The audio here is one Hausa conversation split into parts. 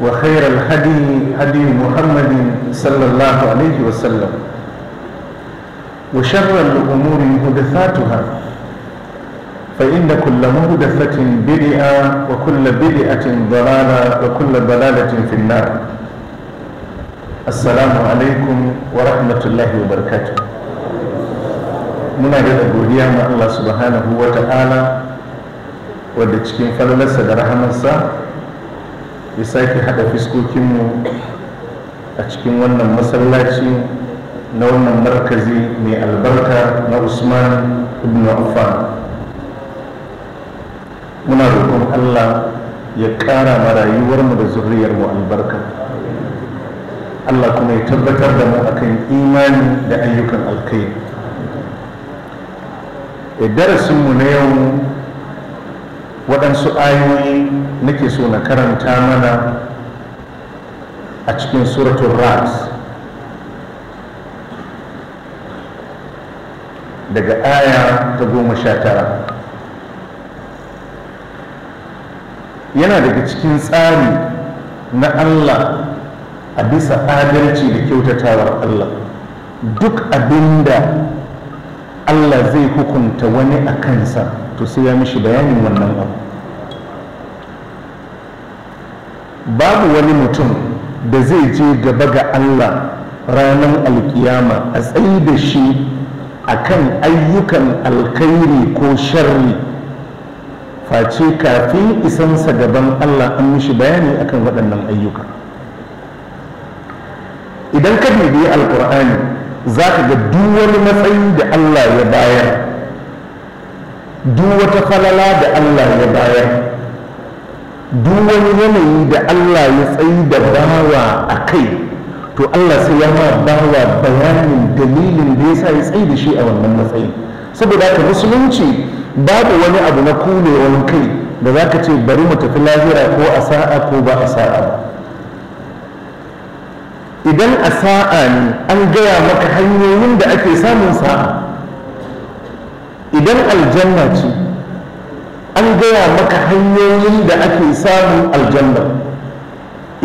وخير الهدي هدي محمد صلى الله عليه وسلم وشر الأمور محدثاتها فإن كل محدثة بدعة وكل بدعة ضلالة وكل ضلالة في النار السلام عليكم ورحمة الله وبركاته muna da godiya الله سبحانه وتعالى wa ta'ala wadda cikin falalarsa ya sake haɗa fiskokinmu a cikin wannan masallaci na wannan markazi mai albarka na usman ibn affan muna roƙon allah ya ƙara ma rayuwarmu da zuriyarmu albarka allah kuma ya tabbatar da mu akan imani da ayyukan alkai eh, darasinmu na yau waɗansu ayoyi nake so na karanta mana a cikin suratun ras daga aya ta goma sha tara yana daga cikin tsari na allah a bisa adalci da kyautatawar allah duk abinda allah zai hukunta wani a kansa to sai ya mishi bayanin wannan abu babu wani mutum da zai je gaba ga Allah ranar alkiyama a tsayi da shi a kan ayyukan alkhairi ko sharri face kafin isansa gaban Allah an mishi bayani akan waɗannan ayyuka idan ka bibiyi alkur'ani za ka ga duk wani matsayi da Allah ya bayar duk wata falala da Allah ya bayar duk wani yanayi da Allah ya tsayi da bawa a kai to Allah sai ya ma bawa bayanin dalilin da ya sa ya tsayi da shi a wannan matsayi saboda haka musulunci babu wani abu na wani kai da za ka ce bari mu tafi lahira ko a sa'a ko ba a sa'a ba idan a sa'a ne an gaya maka hanyoyin da ake samun sa'a idan aljanna ce an gaya maka hanyoyin da ake samun aljanna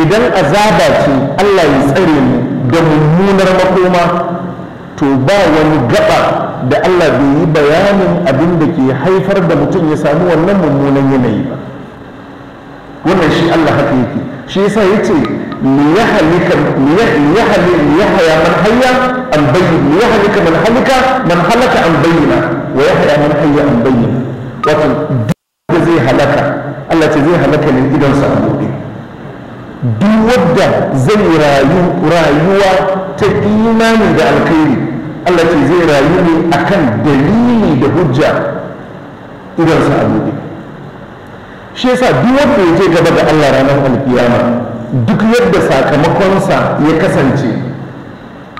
idan azaba ce Allah ya tsare mu da mummunar makoma to ba wani gaba da Allah bai yi bayanin abin da ke haifar da mutum ya samu wannan mummunan yanayi ba wannan shi Allah haka yake shi yasa yace li yahlika li yahlika li yahya man hayya an bayyin li yahlika man halika man halaka an bayyana. wa yahya man hayya an bayyana. wato da zai halaka Allah ce zai halaka ne a buɗe duk wadda zai rayu rayuwa ta imani da alkhairi Allah ce zai rayu ne akan dalili da hujja idonsa a buɗe shi yasa duk wanda ya je gaba da Allah ranar alkiyama duk yadda sakamakonsa ya kasance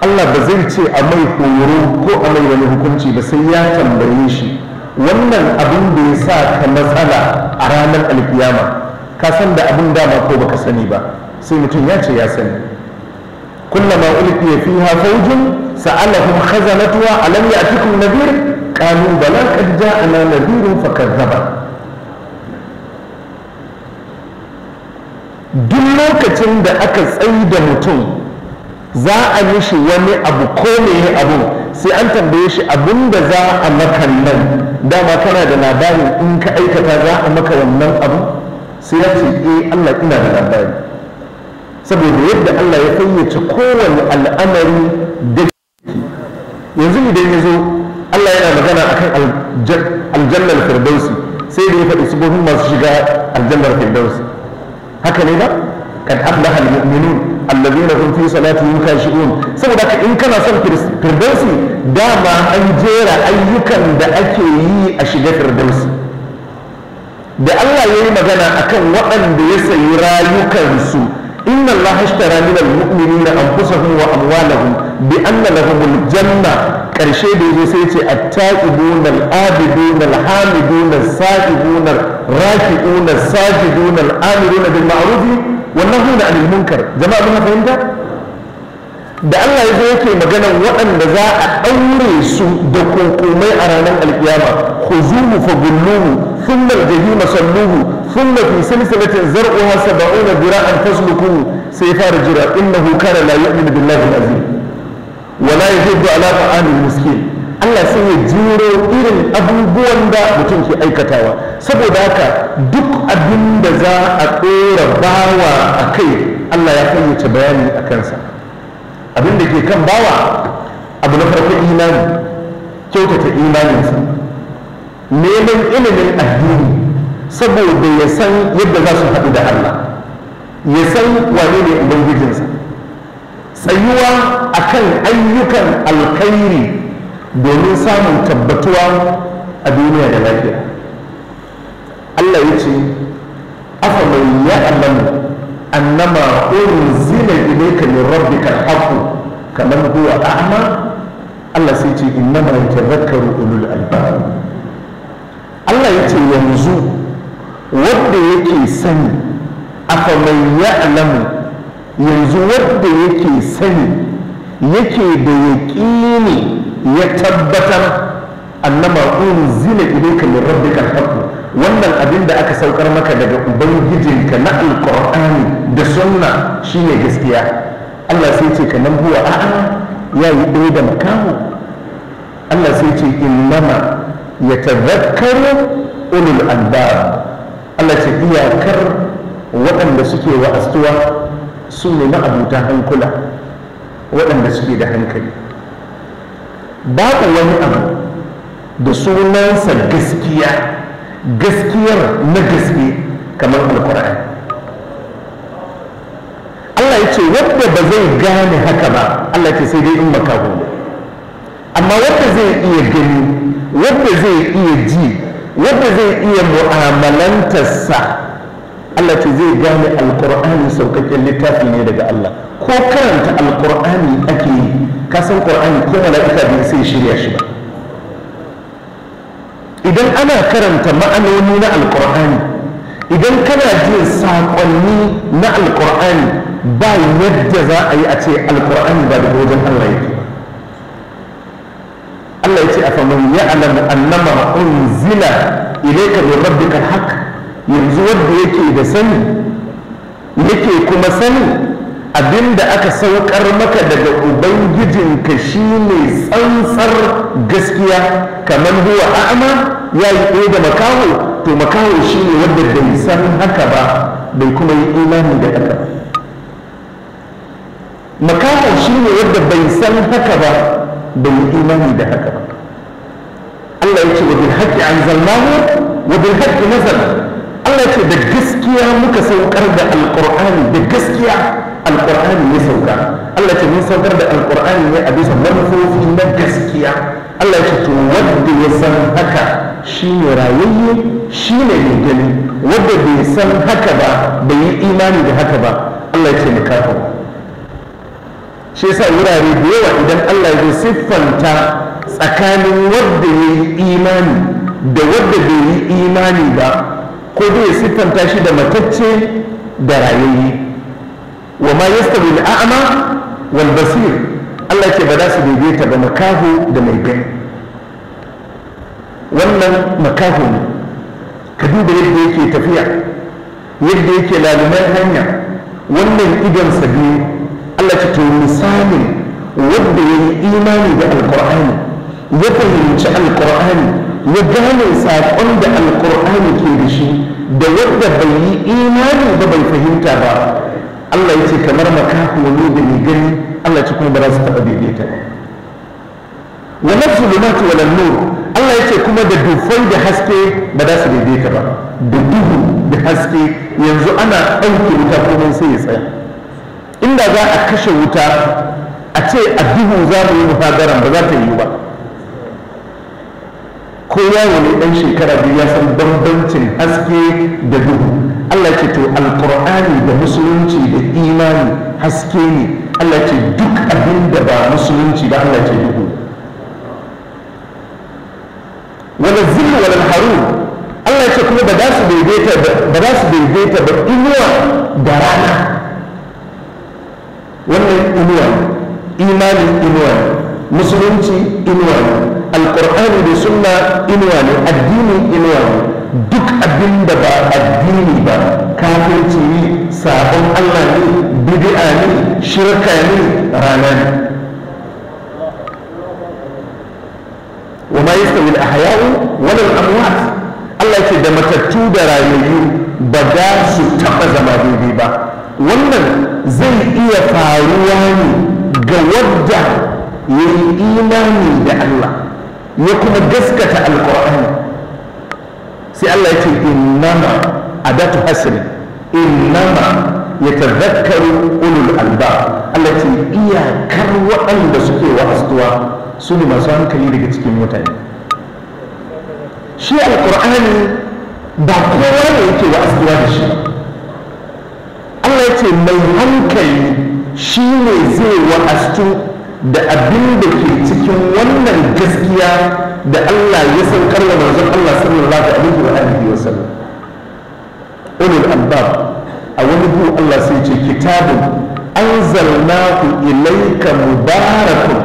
Allah ba zai ce a mai horo ko a mai wani hukunci ba sai ya tambaye shi wannan abin da ya sa ka matsala a ranar alkiyama ka san da abin dama ko baka sani ba sai mutum ya ce ya sani kullum a ulfi ya fi hafa wujin sa'alafin hazanatuwa alam ya atikun nadir kanun bala kajja a na nadirin fakar duk lokacin da aka tsaye da mutum za a yi shi wani abu ko meye abu sai an tambaye shi abin da za a maka nan dama kana da labarin in ka aikata za a maka wannan abu sai ya ce eh Allah ina da labari saboda yadda Allah ya fayyace kowane al'amari da yanzu idan ya zo Allah yana magana akan aljannar firdausi sai da ya faɗi sufofin masu shiga aljannar firdausi haka ne ba kad aflaha almu'minun alladhina hum fi salatihim khashi'un saboda haka in kana son firdausi dama an jera ayyukan da ake yi a shiga firdausi da Allah yayi magana akan waɗanda ya sayi rayukansu inna Allah ashtara min almu'minina anfusahum wa amwalahum bi anna lahumul janna karshe da yazo sai ce attaqibuna al-abiduna al-hamiduna as-sajiduna raki'una as-sajiduna al-amiruna bil ma'ruf wannan hu anil munkar jama'a muna fahimta da Allah ya yake maganan waɗanda za a ɗaure su da kokomai a ranar alkiyama khuzuhu fa gulluhu thumma al-jahim salluhu thumma fi silsilatin zar'uha 70 dira'an taslukuhu sai fara jira innahu kana la yu'minu billahi al-azim wa la yajidu ala ta'amil miskin Allah sai ya jiro irin abubuwan da mutum ke aikatawa saboda haka duk abin da za a ɗora bawa a kai Allah ya fayyace bayani a kansa abin da ke kan bawa abu na farko imani kyautata imaninsa neman ilimin addini saboda ya san yadda za su haɗu da Allah ya san wane ne ubangijinsa tsayuwa akan ayyukan alkhairi domin samun tabbatuwa a duniya da lafiya Allah ya ce aka mai ya allamu annama ka ne rabbi Ka haku kamar huwa amma Allah sai ce innama yatadhakkaru ulul albab Allah ya ce yanzu wadda yake sani aka mai ya alamu yanzu wadda yake sani yake da yaƙini ya tabbatar annama zina ilayka min rabbika al wannan abin da aka saukar maka daga ubangijinka na alqur'ani da sunna shine gaskiya Allah sai ce kaman huwa a'a ya yi ɗaya da makamu Allah sai ce innama yatadhakkaru ulul albab Allah ce iyakar waɗanda suke wa'astuwa su ne na abuta hankula waɗanda suke da hankali babu wani abu da sunansa gaskiya gaskiyar na gaske kamar alkur'ani Allah ya ce wadda ba zai gane haka ba Allah ce sai dai in makaho amma wadda zai iya gani wadda zai iya ji wadda zai iya mu'amalantarsa Allah ce zai gane alkur'ani sauƙaƙƙen littafi ne daga Allah ko karanta alkur'ani ake yi kasan ƙwar'ani ko mala'ika bai sai shirya shi ba idan ana karanta ma'anoni na alƙur'ani idan kana jin saƙonni na alƙur'ani ba yadda za a yi a ce alƙur'ani ba da wajen allah yake allah ya ce a faman ya alamu annama unzila ilaika min rabbika haq yanzu wanda yake da sani yake kuma sani abinda aka saukar maka daga ubangijinka ne tsantsar gaskiya kamar huwa a'ama ya yi ɗaya da makaho to makaho shine wanda bai san haka ba bai kuma yi imani da haka makaho shine wanda bai san haka ba bai yi imani da haka ba Allah ya ce wa bil an anzalnahu wa bil haqqi Allah ya ce da gaskiya muka saukar da alqur'ani da gaskiya alkur'ani ya sauka Allah ce mun saukar da alkur'ani ne a bisa manufofi na gaskiya Allah ce to wanda ya san haka shi ne rayayye shi ne mai gani wanda bai san haka ba bai yi imani da haka ba Allah ce mu kafa shi yasa wurare da yawa idan Allah ya siffanta tsakanin wanda ya yi imani da wanda bai yi imani ba ko zai siffanta shi da matacce da rayayye wa ma yastawi al-a'ma wal basir Allah ce ba za su daidaita ba makaho da mai gani wannan makaho ne ka duba yadda yake tafiya yadda yake laluman hanya wannan idan sabi Allah ce to misalin wanda ya yi imani da alkur'ani ya fahimci alkur'ani ya gane saƙon da alkur'ani ke da shi da wanda bai yi imani ba bai fahimta ba Allah ya ce kamar makafi wani da mai gani Allah ya ce kuma ba za su taɓa daidaita ba wa nafsu lumatu wal nur Allah ya ce kuma da dufai da haske ba za su daidaita ba da duhu da haske yanzu ana ɗauke wuta komai sai ya tsaya inda za a kashe wuta a ce a duhu za mu yi muhadaran ba za ta yi ba ko ya ne dan shekara biyu ya san bambancin haske da duhu Allah ce to alqur'ani da musulunci da imani haske ne Allah ce duk abin da ba musulunci ba Allah ce duhu wala zillu wala harun Allah ce kuma ba za su daidaita ba za su daidaita ba inuwa da rana wannan inuwa imanin inuwa musulunci inuwa alkur'ani da sunna inuwa ne addini inuwa ne duk abin da ba addini ba kafirci ne sabon allah ne bid'a ne shirka ne rana ne wa ma yastawi al-ahya'u wal amwat Allah ce da matattu da rayayyu ba za su taɓa zama daidai ba wannan zai iya faruwa ne ga wadda yayi imani da Allah ya kuma gaskata alkur'ani sai Allah ya ce innama adatu hasri innama yatadhakkaru ulul alba Allah ya ce iyakar waɗanda suke wa'astuwa su ne masu hankali daga cikin mutane shi alkur'ani ba kowa ne yake wa'astuwa da shi Allah ya ce mai hankali shi ne zai wa'astu da abin da ke cikin wannan gaskiya da Allah ya karwa wa zan Allah sallallahu alaihi da alihi wa sallam ulul albab a wani gu Allah sai ce kitabun anzalnahu Ilaika Mubaraku.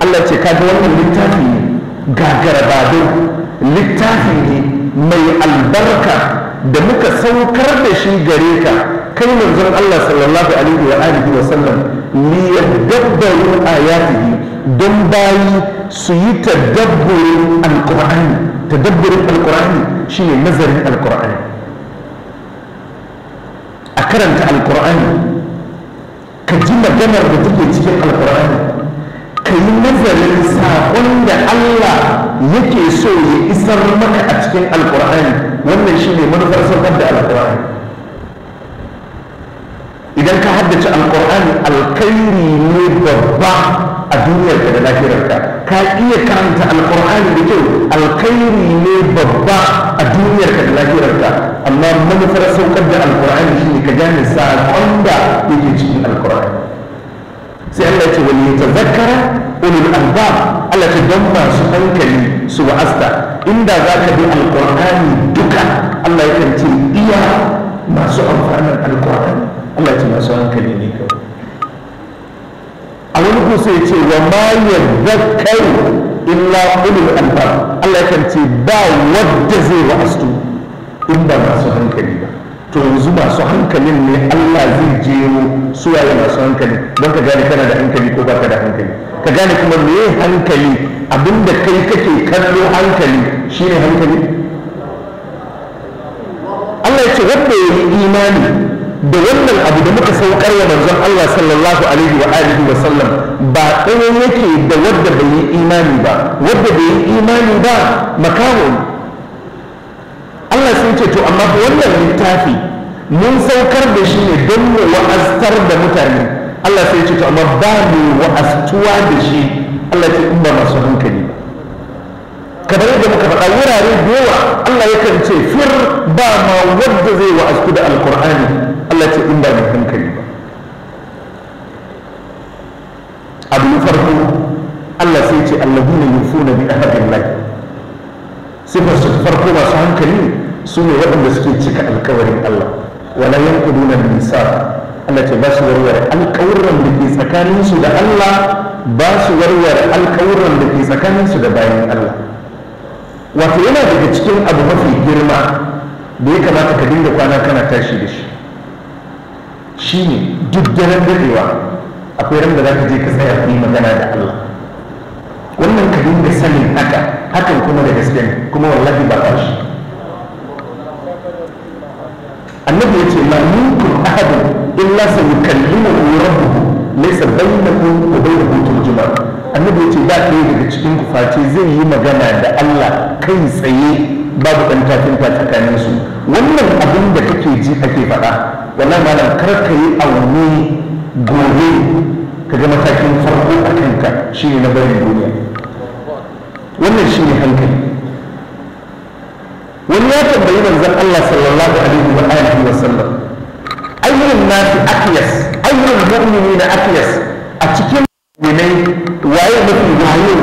Allah ce kaga wannan littafi ne gagarabado littafi ne mai albarka da muka saukar da shi gare ka kai manzon Allah sallallahu alaihi wa alihi wa sallam liyadabbaru ayatihi don bayi su yi tadabburin alqur'ani tadabburin alkur'ani shine nazarin alqur'ani a karanta alkur'ani ka ji maganar da take cikin alkur'ani ka yi nazarin saƙon da Allah yake so ya isar maka a cikin alkur'ani wannan shine manufar saukar da alkurani idan ka haddace alkur'ani alkhairi ne babba a duniyarka da lafiyarka ka iya karanta alkur'ani da kyau alkhairi ne babba a duniyarka da lafiyarka amma manufar saukar da alkur'ani shine ka gane saƙon da yake cikin alkur'ani sai Allah ya ce wani ya tazakkara ulul albab Allah ce don masu hankali su wa'asta inda za ka bi alkur'ani duka Allah ya ce iya masu amfanin alkur'ani Allah ce masu hankali ne kawai a wani ku sai ce wa ma kai illa ulul alba Allah ya ce ba wadda zai astu in ba masu hankali ba to yanzu masu hankalin ne Allah zai jero yaya masu hankali don ka gane kana da hankali ko baka da hankali ka gane kuma me hankali abinda kai kake kallo hankali shine hankali Allah ya ce wadda ya yi imani da wannan abu da muka saukar wa manzon Allah sallallahu alaihi wa alihi wa sallam ba ɗaya yake da wadda bai yi imani ba wadda bai yi imani ba makamu. Allah sun ce to amma wannan littafi mun saukar da shi ne don mu wa'aztar da mutane Allah sai ce to amma ba mu wa'aztuwa da shi Allah ce in ba masu hankali ba kamar yadda muka faɗa wurare da yawa Allah yakan ce fir ba ma wadda zai wa'aztu da alkur'ani Allah ce in ba mai hankali ba abu na farko Allah sai ce allahuna yufuna bi lai sifar su farko masu hankali su ne waɗanda suke cika alkawarin Allah wala 'yan kudu na nisa Allah ce ba su warware alkawarin da ke tsakaninsu da Allah ba su warware alkawarin da ke tsakaninsu da bayan Allah wato yana daga cikin abu mafi girma da ya kamata ka dinga kwana kana tashi da shi shi ne duk daren daɗewa akwai ran da za ka je ka tsaya ku magana da Allah wannan ka dinga sanin haka hakan kuma da gaske ne kuma wallahi ba ka shi annabi ya ce ma minkum ahadun illa sayukallimuhu rabbuhu laysa bainahu wa bainahu turjuman annabi ya ce ba ɗaya daga cikin ku face zai yi magana da Allah kai tsaye babu ɗan tsakanin tsakaninsu wannan abin da kake ji kake faɗa wannan malam kar ka yi aune gobe ka ga matakin farko a kanka shi ne na barin duniya wannan shi ne hankali wani ya tambayi manzon Allah sallallahu alaihi wa alihi wa sallam ayyul nasi akyas ayyul mu'minina akyas a cikin mu'minai waye mafi wayo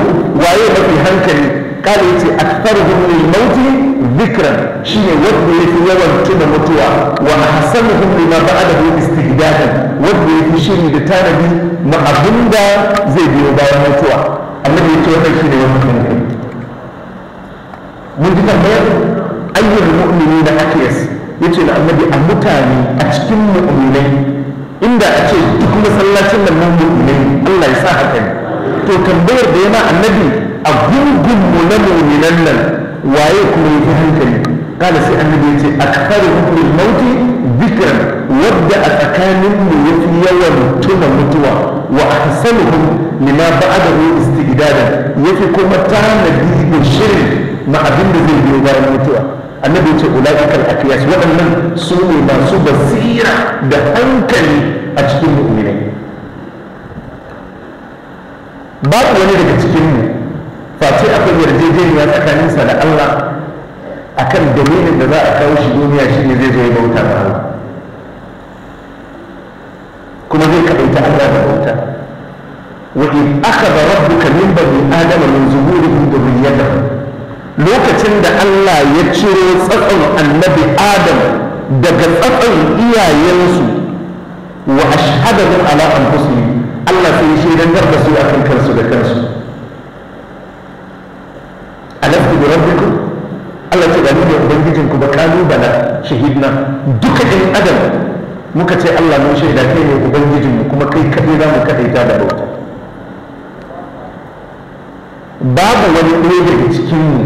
waye mafi hankali kale yace aktharuhum lil mauti dhikran shine wanda yake yawan tuna mutuwa wa da lima ba'dahu istihdadan wanda fi shiri da tanadi na abinda zai biyo bayan mutuwa annabi yake wannan shine wannan mutum mun ji tambayar ayyul mu'minina aqyas yace da annabi a mutane a cikin mu'minai inda a ce duk masallacin nan nan mu'minai Allah ya sa haka ne to tambayar da yana annabi a gungun mu na mu'minan nan waye kuma ya fi hankali kada sai annabi ya ce akfaru hukumul mauti dhikran wadda a tsakanin mu yafi yawan tuna mutuwa wa ahsanuhum lima ba'dahu istigdada yafi kuma tanadi da shirin ma abin da zai biyo bayan mutuwa annabi ya ce ulaikal aqyas waɗannan su ne masu basira da hankali a cikin mu'minai babu wani daga cikin mu face akwai yarjejeniya tsakaninsa da Allah akan dalilin da za a kawo shi duniya shi ne zai zo ya bauta ma Allah kuma zai kaɗaita Allah da bauta wa in akhadha rabbuka min bani adama min zuhurihim dhurriyyatahum lokacin da Allah ya ciro tsatson annabi Adam daga tsatson iyayensu wa ashhadahum ala anfusihim Allah sai shaidantar da su akan kansu da kansu alastu da rabbiku Allah ce gani ni ubangijinku ba kalu bala shahidna duka ɗin adam muka ce Allah mun shaida kai ne ubangijinmu kuma kai kaɗai za mu kaɗaita da bauta babu wani ɗaya daga cikinmu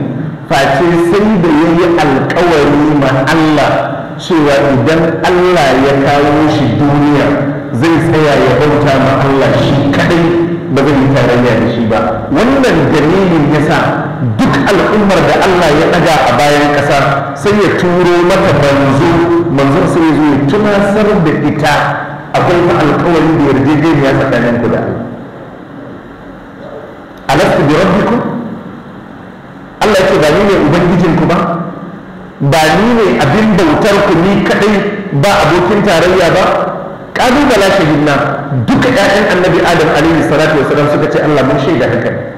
face sai da ya yi alkawari ma Allah cewa idan Allah ya kawo shi duniya zai tsaya ya bauta ma Allah shi kaɗai ba zai yi tarayya da shi ba wannan dalilin yasa duk al'ummar da Allah ya ɗaga a bayan ƙasa sai ya turo mata manzo manzon sai ya zo ya tunasar da ita akwai alƙawarin da yarjejeniya tsakanin ku da Allah alastu bi rabbikum Allah ce ba ne ubangijin ku ba ba ni ne abin bautar ku ni kadai ba abokin tarayya ba bala shahidna duka ƴaƴan annabi adam alaihi salatu wasalam suka ce Allah mun shaida haka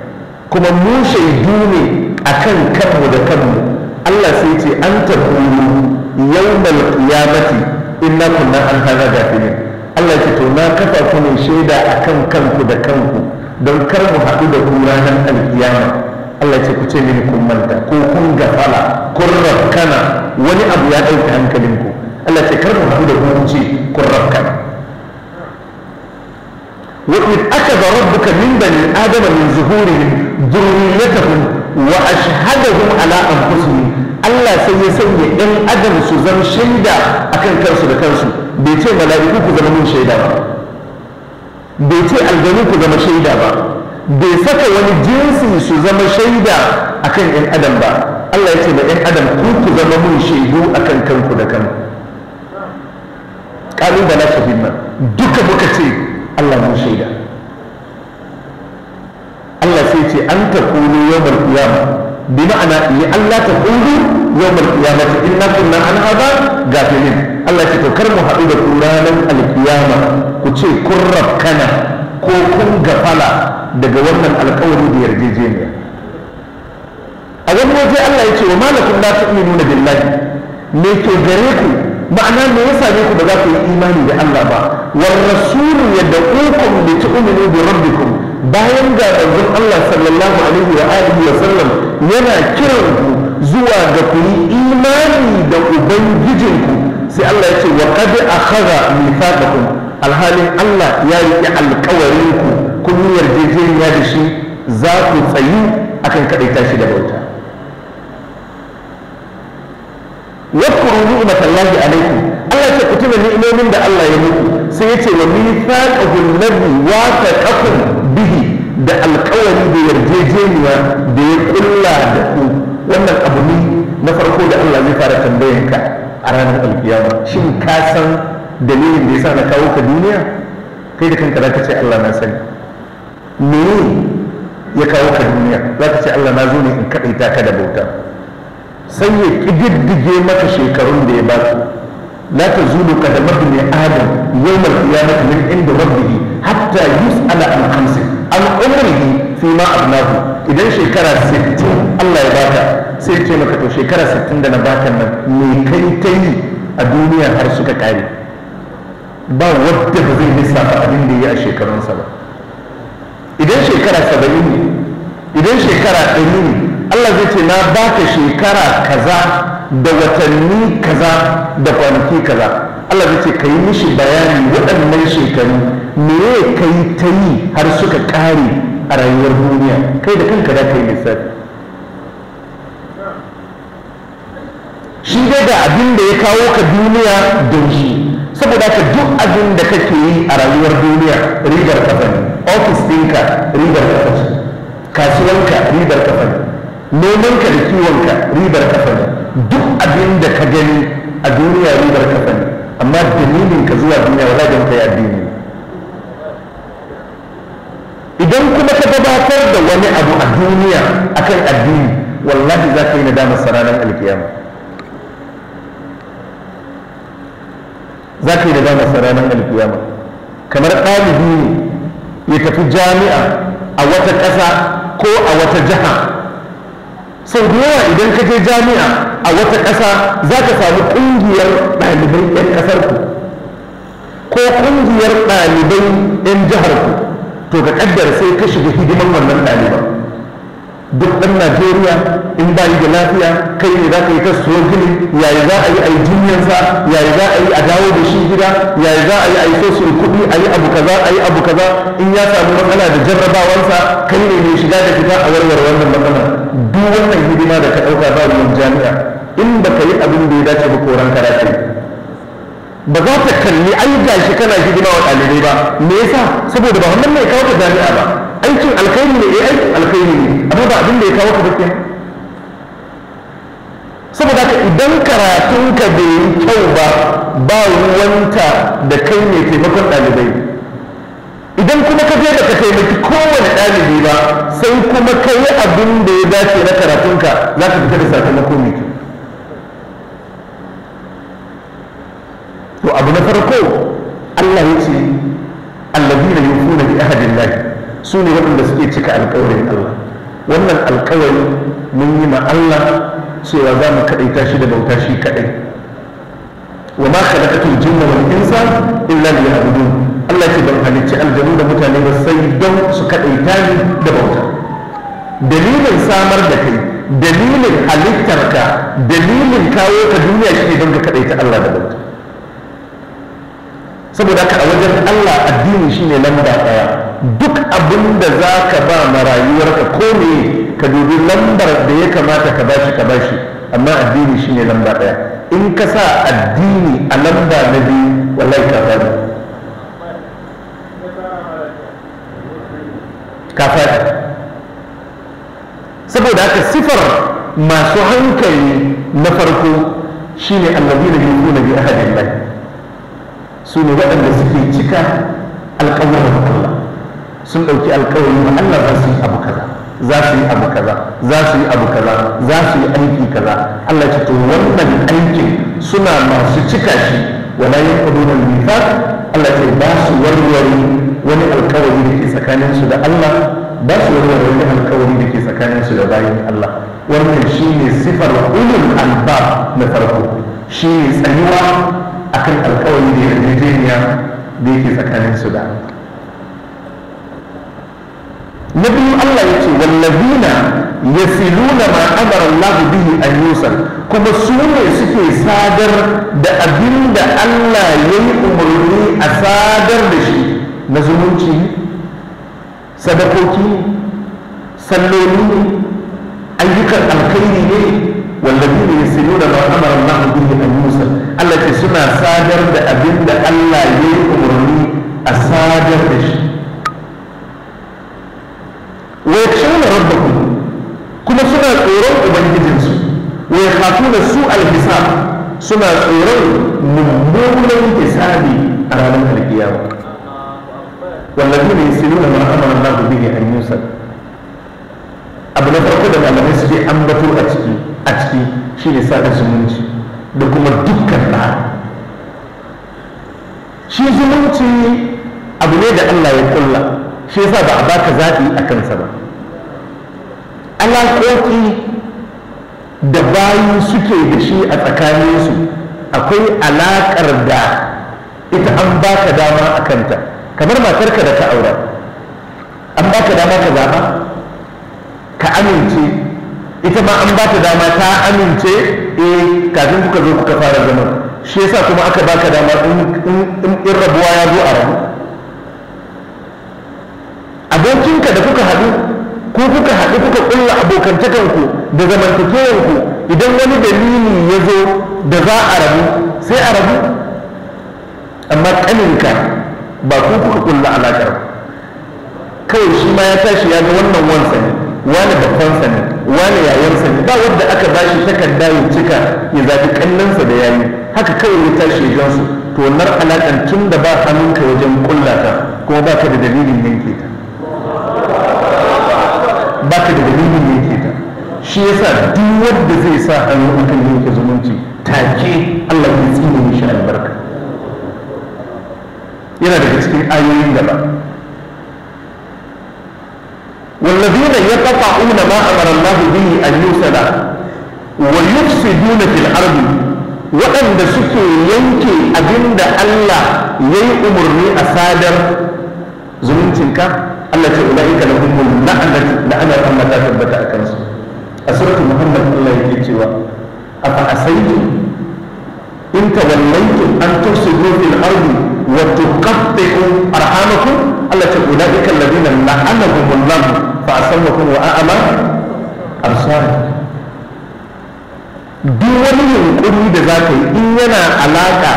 kuma mu shaidu ne a kan kanmu da kanmu Allah sai ce an tafuru yawmal in na kunna an hada gafilin Allah ce to na kafa ku ne shaida akan kanku da kanku don kar mu haɗu da ku ranar alkiyama Allah ce ku ce mini kun manta ko kun gafala kun rakkana wani abu ya ɗauke hankalinku Allah ce kar mu haɗu da ku ce kun rakkana aka أخذ ربك min bani adama min zuhurihim ذريتهم وأشهدهم على أنفسهم Allah sai ya sanya dan adam su zama shaida a kan kansu da kansu bai ce mala'iku ku zama mun shaida ba bai ce aljanu ku zama shaida ba bai saka wani jinsi su zama shaida a kan adam ba Allah ya ce da ɗan adam ku ku zama mun shaidu a kan kanku da kanku ƙalubala shahimma duka muka ce Allah mun shaida Allah sai ce an ta kulu yawmal qiyama bi ma'ana li Allah ta kulu yawmal na inna kunna an hada gafilin Allah ce to kar mu haɗu da ranar alkiyama ku ce kun rakana ko kun gafala daga wannan alkawari da yarjejeniya a wani waje Allah ya ce wa malakum la tu'minuna billahi me ke gare ku ma'ana me ya ne ku ba za ku yi imani da Allah ba war rasul ukun li tu'minu bi rabbikum bayan ga Allah sallallahu alaihi wa alihi wa sallam yana kiran ku zuwa ga ku yi imani da ubangijinku sai Allah ya ce wa a akhadha mithaqakum alhalin Allah ya yi alƙawarin ku kun yi yarjejeniya da shi za ku tsayu akan kaɗaita shi da bauta واذكروا نعمة الله عليكم الله تكتب نعمة من الله يموت سيتي وميثاقه الذي واثقكم da alkawari da yarjejeniya da ya kulla da ku wannan abu ne na farko da Allah zai fara tambayanka a ranar alkiyama shin ka san dalilin da ya sa na kawo ka duniya kai da kanka zaka ce Allah na sani me ya kawo ka duniya zaka ce Allah na zo ne in kadaita ka da bauta sai ya kididdige maka shekarun da ya ba la لا تزول da ابن adam yawmal qiyamati min inda rabbih hatta yus'ala عن خمسه an umrihi fi ma abnahu idan shekara 60 Allah ya baka sai ce maka to shekara 60 da na baka nan me kai ta yi a duniya har suka kare ba wadda ba zai lissafa abin da ya a shekarunsa ba idan shekara 70 ne idan shekara 100 ne Allah zai ce na baka shekara kaza da watanni kaza da kwanaki kaza Allah zai ce ka yi mishi bayani waɗannan shekaru me ka yi ta yi har suka kare a rayuwar duniya kai da kanka da ka yi lissafi shi dai da abin da ya kawo ka duniya don shi saboda ka duk abin da kake yi a rayuwar duniya rigar kafa ne ofis ɗinka rigar kafa ce kasuwanka rigar kafa ne nomanka da kiwonka rigar kafa ne duk abin da ka gani a duniya rigar kafa ne amma dalilin ka zuwa duniya wala don ka yi addini idan kuma ka gabatar da wani abu a duniya a akan addini wallahi za ka yi nadamar saranan alkiyama za ka yi nadamar saranan alkiyama kamar ɗalibi ne ya tafi jami'a a wata ƙasa ko a wata jiha sau da yawa idan ka je jami'a a wata ƙasa za ka samu ƙungiyar ɗalibai 'yan ƙasarku ko ƙungiyar ɗalibai 'yan jiharku to ka kaddara sai ka shiga hidiman wannan ɗaliban duk ɗan najeriya in ba yi da lafiya kai ne za ka yi ta strogili yayi za a yi a yi jinyansa yayi za a yi a dawo da shi gida yayi za a yi a yi sosin kuɗi a yi abu kaza a yi abu kaza in ya samu matsala da jarrabawansa kai ne mai shiga da fita a warware wannan matsala duk wannan hidima da ka ɗauka ba ruwan jami'a in ba ka yi abin da ya dace ba koran karatu ba za ta kalli ai gashi kana hidima wa ɗalibai ba me yasa saboda ba wannan mai kawo ka jami'a ba aikin alkhairi ne eh aikin alkhairi ne amma ba abin da ya kawo ka bakin saboda ka idan ka bai yi kyau ba ba ruwanta da kai ne taimakon ɗalibai idan kuma ka je da ka taimaki kowane ɗalibi ba sai kuma ka yi abin da ya dace na karatunka za ka fita da sakamako mai kyau to abu na farko Allah ya ce allazina yufuna bi ahdillahi su ne waɗanda suke cika alƙawarin Allah wannan alƙawari mun yi ma Allah cewa za mu kaɗaita shi da bauta shi kaɗai wa ma khalaqatul jinna wal insa illa liya'budun Allah ce ban halicci aljanu da mutane ba sai don su kaɗaita ni da bauta dalilin samar da kai dalilin halittarka dalilin kawo ka duniya shi ne don ka kaɗaita Allah da bauta saboda ka a wajen Allah addini shine lamba ɗaya duk abin da za ka ba ma rayuwarka ko ne ka dubi lambar da ya kamata ka bashi ka bashi amma addini shine lamba ɗaya in ka sa addini a lamba na biyu wallahi ka ka saboda haka sifar masu hankali na farko shine annabi na biyu na biyu ahadin bai su ne waɗanda suke cika alƙawarin Allah sun ɗauki alƙawarin Allah za su yi abu kaza za su yi abu kaza za su yi abu kaza za su yi aiki kaza Allah ce to wannan aikin suna masu cika shi wala yaquluna al nifa? Allah ce ba su warware wani alƙawari da ke tsakaninsu da Allah ba su warware wani alƙawari da ke tsakaninsu da bayan Allah wannan shi ne sifar ulul albab na farko shi ne tsayuwa akan alkawari da yarjejeniya da yake tsakanin su da na biyu Allah ya ce wallazina yasiluna ma amara Allah bihi an yusal kuma su ne suke sadar da abin da Allah ya yi umarni a sadar da shi na zumunci sadakoki salloli ayyukan alkhairi ne wallazina yasiluna ma amara Allah bihi an yusal Allah ce suna sadar da abin da Allah ya yi umarni a sadar da shi Wai yakshawna rabbahum kuma suna tsoron ubangijinsu wa da su alhisa suna tsoron mummunan hisabi a ranar alkiyama والذين يسلون na امر الله به yi يوصل abu na farko da malamai suke ambato a ciki a ciki shine sadar zumunci da kuma dukkan ɗa shi zumunci abu ne da Allah ya kulla shi yasa ba a baka zaɓi a kansa ba Alakoki da bayi suke da shi a tsakaninsu akwai alaƙar da ita an baka dama a kanta kamar matarka da ta aura an baka dama ka zaɓa ka amince ita ma an ba ta dama ta amince eh kafin kuka zo kuka fara zaman shi yasa kuma aka ba ka dama in rabuwa ya zo a rabu abokinka da kuka haɗu ko kuka haɗu kuka ƙulla abokantakanku da zamantakewanku idan wani dalili ya zo da za a rabu sai a rabu amma ƙaninka ba ku kuka ƙulla alaƙar kawai shi ma ya tashi ya ga wannan wansa ne wani babbansa ne wani yayansa ne ba wanda aka ba shi takarda ya cika ya zafi kallonsa da yayi haka kawai ya tashi ya su to nar alaƙar tun da ba hannunka wajen ƙullata kuma ba ka da dalilin yanke ta ba ka da dalilin yanke ta shi yasa duk wanda zai sa hannu akan yanke zumunci take Allah ya tsine mishi albarka yana daga cikin ayoyin gaba والذين يقطعون ما امر الله به ان يوصل ويفسدون في الارض waɗanda suke yanke abinda Allah ya yi umarni a sadar zumuncinka Allah ce ula ika na hukumar na annabi da ana Allah ta tabbata a kansu a suratul muhammad Allah yake cewa a fa asaydu in tawallaytum an tusidu fil ardi wa tuqatti'u arhamakum Allah ce ula ika alladhina la'anahumullahu fa mutum wa a'ama absar duk wani yunkuri da za ka yi in yana alaka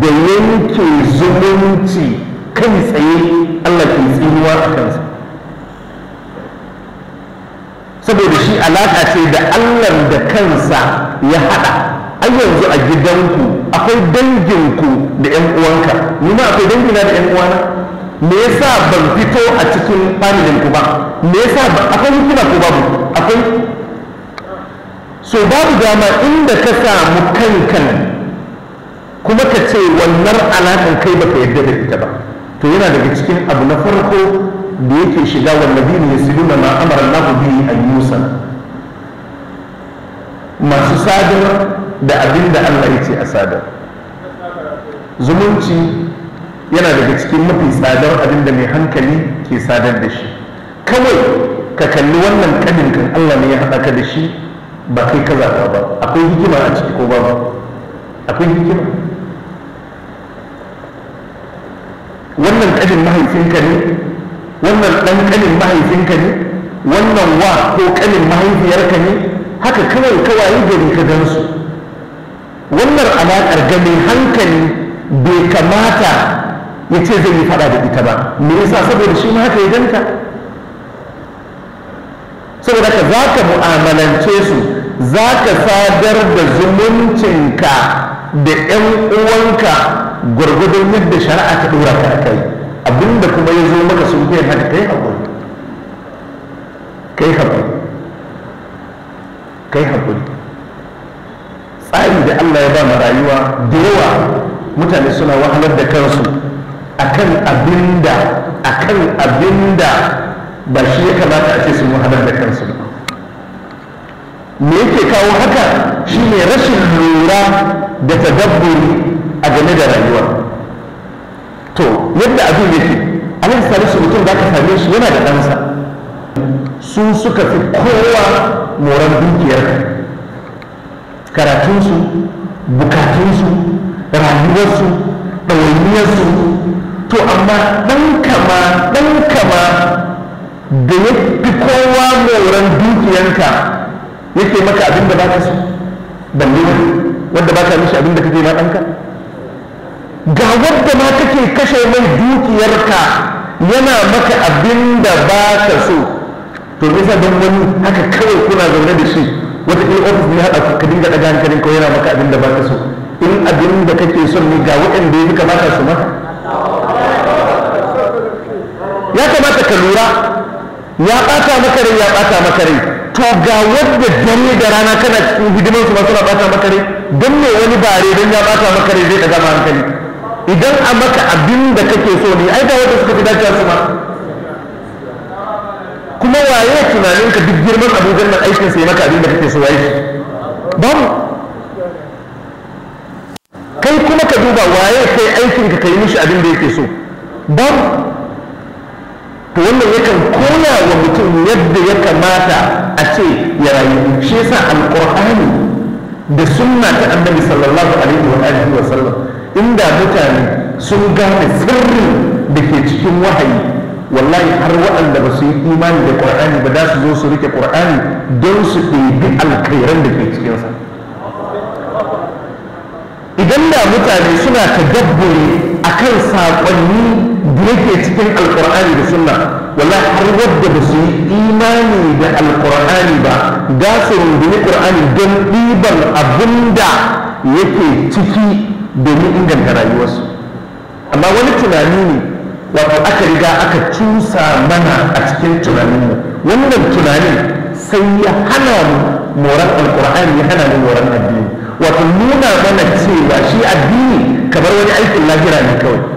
da yanke zumunci kai tsaye Allah ke tsinuwa a kansa saboda shi alaka ce da Allah da kansa ya haɗa ai yanzu a gidanku akwai danginku da 'yan uwanka ni ma akwai dangina da 'yan uwana me yasa ban fito a cikin familin ku ba me yasa ba akwai hukuma ko babu akwai so babu dama inda ka samu kankan kuma ka ce wannan alaƙar kai baka yadda da ita ba to yana daga cikin abu na farko da yake shiga wallabi ne ya siluna na amara Allah bihi a yusa masu sadar da abin da Allah ya ce a sadar zumunci yana daga cikin mafi tsadar abin da mai hankali ke sadar da shi kawai ka kalli wannan kanin kan Allah ne ya haɗa ka da shi ba kai ka zaɓa ba akwai hikima a ciki ko ba akwai hikima wannan kanin mahaifinka ne wannan ɗan kanin mahaifinka ne wannan wa ko kanin mahaifiyarka ne haka kawai kawai gari ka gansu wannan alaƙar ga mai hankali bai kamata ya ce zai yi fada da ita ba me yasa saboda shi ma haka ya danta saboda ka za ka mu'amalance su za ka sadar da zumuncinka da 'yan uwanka gwargwadon yadda shari'a ta ɗora ka kai abinda kuma ya zo maka sun haka kai haƙuri kai haƙuri kai haƙuri tsari da allah ya ba mu rayuwa da yawa mutane suna wahalar da kansu akan abinda akan abinda ba shi ya kamata a ce su wahalar da kansu ba me yake kawo haka shine rashin lura da tadabburi a game da rayuwa to yadda abin yake alal salisu mutum da aka same shi yana da ɗansa su suka fi kowa moran dukiyar karatunsu bukatunsu rayuwarsu ɗawainiyarsu to amma dan kama dan kama da ya fi kowa moran dukiyanka yake maka abin da ka so balle wani wanda baka mishi abin da kake ma ɗanka ga wanda ma kake kashe mai dukiyarka yana maka abin da ka so to nisa don wani haka kawai kuna zaune da shi wata ɗin ofis ne haɗa ka dinga ɗaga hankalin ko yana maka abin da ka so in abin da kake son ne ga waɗanda ya fi kamata su maka ya kamata ka lura ya ɓata maka rai ya ɓata maka rai to ga wanda dare da rana kana cikin hidimar su masu ɓata maka rai don me wani bare don ya ɓata maka rai zai ɗaga hankali idan a maka abin da kake so ne ai ga wanda suka fi dacewa su ma kuma waye tunanin ka duk girman abubuwan nan aikin sai maka abin da kake so yi babu kai kuma ka duba waye kai aikin ka kai mishi abin da yake so babu to wannan yakan koya wa mutum yadda ya kamata a ce ya rayu shi yasa alqur'ani da sunna ta annabi sallallahu alaihi wa alihi wa sallam inda mutane sun gane sirrin da ke cikin wahayi wallahi har waɗanda ba su yi imani da ƙur'ani ba za su zo su rike ƙur'ani don su ɗebi alkhairan da ke cikinsa idan da mutane suna ta dabbure a saƙonni da yake cikin alkur'ani da sunna wala har wadda ba su yi imani da alkur'ani ba ga su rungumi qur'ani don ɗiban abinda da yake ciki domin inganta rayuwarsu amma wani tunani ne wato aka riga aka cusa mana a cikin tunaninmu wannan tunanin sai ya hana mu moran alkur'ani ya hana mu moran addini wato nuna mana cewa shi addini kamar wani aikin lahira ne kawai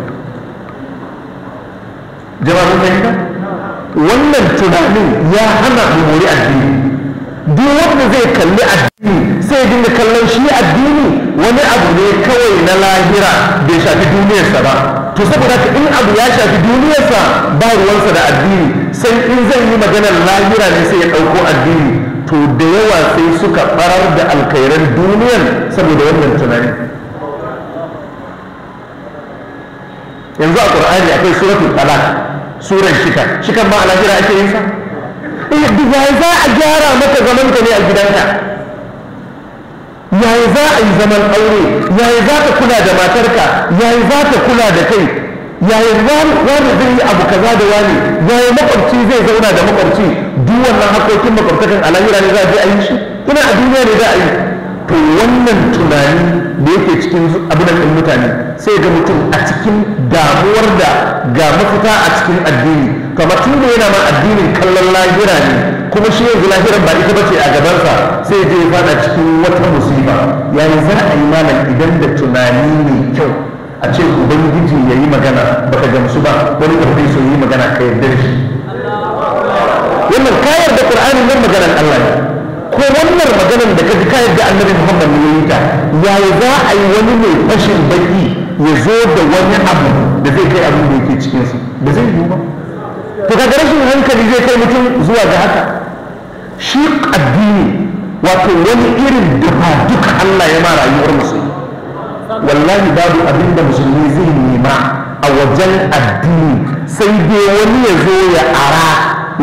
jama'a yi fahimta wannan tunanin ya hana mu addini duk wanda zai kalli addini sai dinga kallon shi addini wani abu ne kawai na lahira bai shafi duniyarsa ba to saboda ka in abu ya shafi duniyarsa ba ruwansa da addini sai in zan yi maganar lahira ne sai ya ɗauko addini to da yawa sai suka farar da alkairan duniyar saboda wannan tunani yanzu a ƙur'ani akwai suratul talaq suran shika shikan ma a ake yin sa yaya eh, za a gyara maka zaman ka ne a gidanka yaya za a yi zaman aure yaya za ka kula da matarka yaya za ka kula da kai yaya wani zai yi abu kaza da wani yaya makwabci zai zauna da makwabci duk wannan haƙoƙin makwabtakan a ne za a je a yi shi kuna a duniya ne za a yi to wannan tunani da yake cikin abin da mutane sai ga mutum a cikin damuwar da ga mafita a cikin addini kamar tun da yana ma addinin kallon lahira ne kuma shi yanzu lahiran ba ita bace a gabansa sai je fada cikin wata musiba yayi za a yi malam idan da tunani mai kyau a ce ubangiji ya yi magana baka gamsu ba wani fi so yi magana ka yarda da shi wannan kayar da ƙur'anin nan maganar Allah ne ko wannan maganar da ka ji kayar da annabi muhammad ne yi ta yaya za a yi wani mai fashin baki ya zo da wani abu da zai kai abin da yake cikinsu da zai yi ba to kaga rashin hankali zai kai mutum zuwa ga haka shi addini wato wani irin dafa duk Allah ya ma rayuwar musulmi wallahi babu abin da musulmi zai nema a wajen addini sai dai wani ya zo ya ara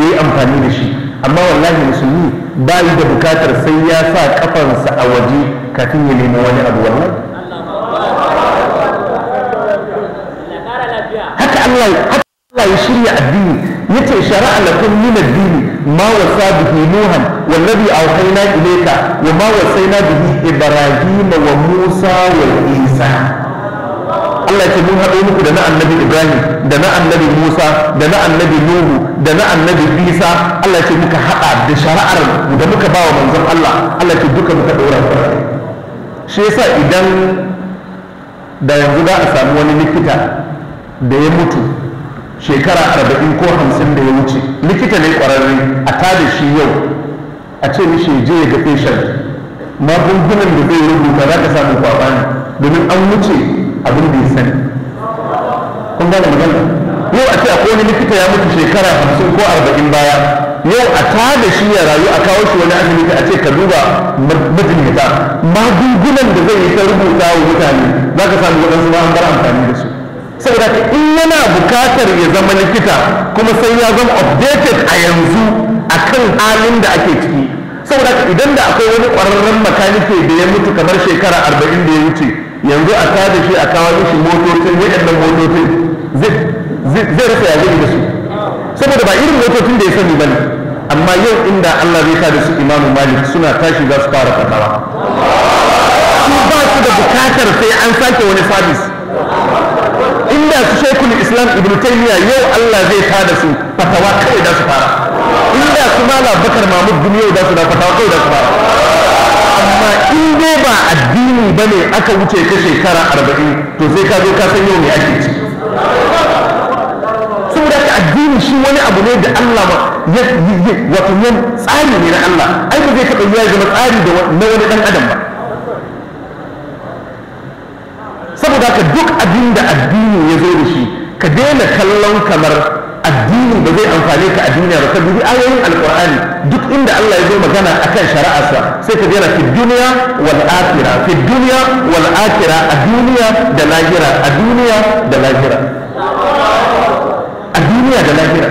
ya yi amfani da shi amma wallahi musulmi bayi da bukatar sai ya sa kafansa a waje kafin ya nemi wani abu wannan haka Allah haka Allah ya shirya addini yace shara'a lakum min ad-dini ma wasa bihi nuhan wallazi awhayna ilayka wa ma wasayna bihi ibrahima wa musa wa isa Allah ce mun haɗo muku da na annabi Ibrahim da na annabi Musa da na annabi Nuhu da na annabi Isa Allah ce muka haɗa da shari'ar da muka ba wa manzon Allah Allah ce duka muka ɗora shi yasa idan da yanzu za a samu wani likita da ya mutu shekara arba'in ko hamsin da ya wuce likita ne ƙwararre a tada shi yau a ce mishi je ya ga feshen magungunan da zai rubuta za ka samu kwaba ne domin an wuce abin da ya sani kun gane magana yau a ce akwai wani likita ya mutu shekara hamsin ko arba'in baya yau a ta da shi ya rayu a kawo shi wani asibiti a ce ka duba majinyata magungunan da zai yi ta rubuta wa mutane za ka samu waɗansu ba an bar amfani da su saboda in yana bukatar ya zama likita kuma sai ya zama updated a yanzu akan halin da ake ciki saboda idan da akwai wani ƙwararren makanike da ya mutu kamar shekara arba'in da ya wuce yanzu a ta da shi a kawo mishi motocin waɗannan motocin zai rasa yaje da su saboda ba irin motocin da ya sani ba ne amma yau inda Allah zai sa da su imamu malik suna tashi za su fara fatawa su ba su da bukatar sai an sake wani sabis inda su shekul islam ibn taymiya yau Allah zai ta da su fatawa kai da su fara inda su mala bakar mamud duniya da su da fatawa kai da su fara amma in dai ba addini ba ne aka wuce ka shekara arba'in to sai ka zo ka san yau me ake ci saboda ka addini shi wani abu ne da Allah ma ya wato yan tsari ne na Allah ai ba zai taɓa ya zama tsari da na wani ɗan adam ba saboda ka duk abin da addini ya zo da shi ka daina kallon kamar addini da zai amfane ka a duniya ba saboda ayoyin alqur'ani duk inda Allah ya zo magana akan shari'arsa sai ka jira fi duniya wal akhirah fi duniya wal akhirah a duniya da lahira a duniya da lahira a duniya da lahira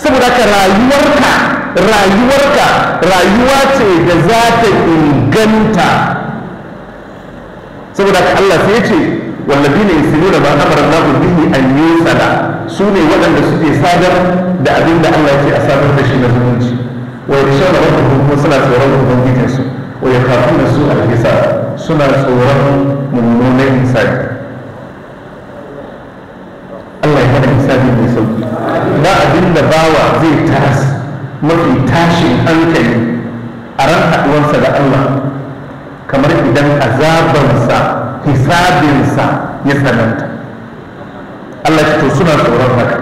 saboda ka rayuwarka rayuwarka rayuwa ce da za ta inganta saboda ka Allah sai ya ce wallabi ne su nuna ba amara Allah bihi an yi yusala su ne waɗanda suke sadar da abin da Allah ce a sadar da shi na zumunci wa yarsha da wata kuma suna tsoron ubangijinsu wa ya kafin da su a alhisa suna tsoron mummunan misali Allah ya hada misali mai sauki ba abin da bawa zai taras mafi tashin hankali a ran haɗuwarsa da Allah kamar idan azabansa hisabinsa ya tsananta Allah ya to suna tsoron haka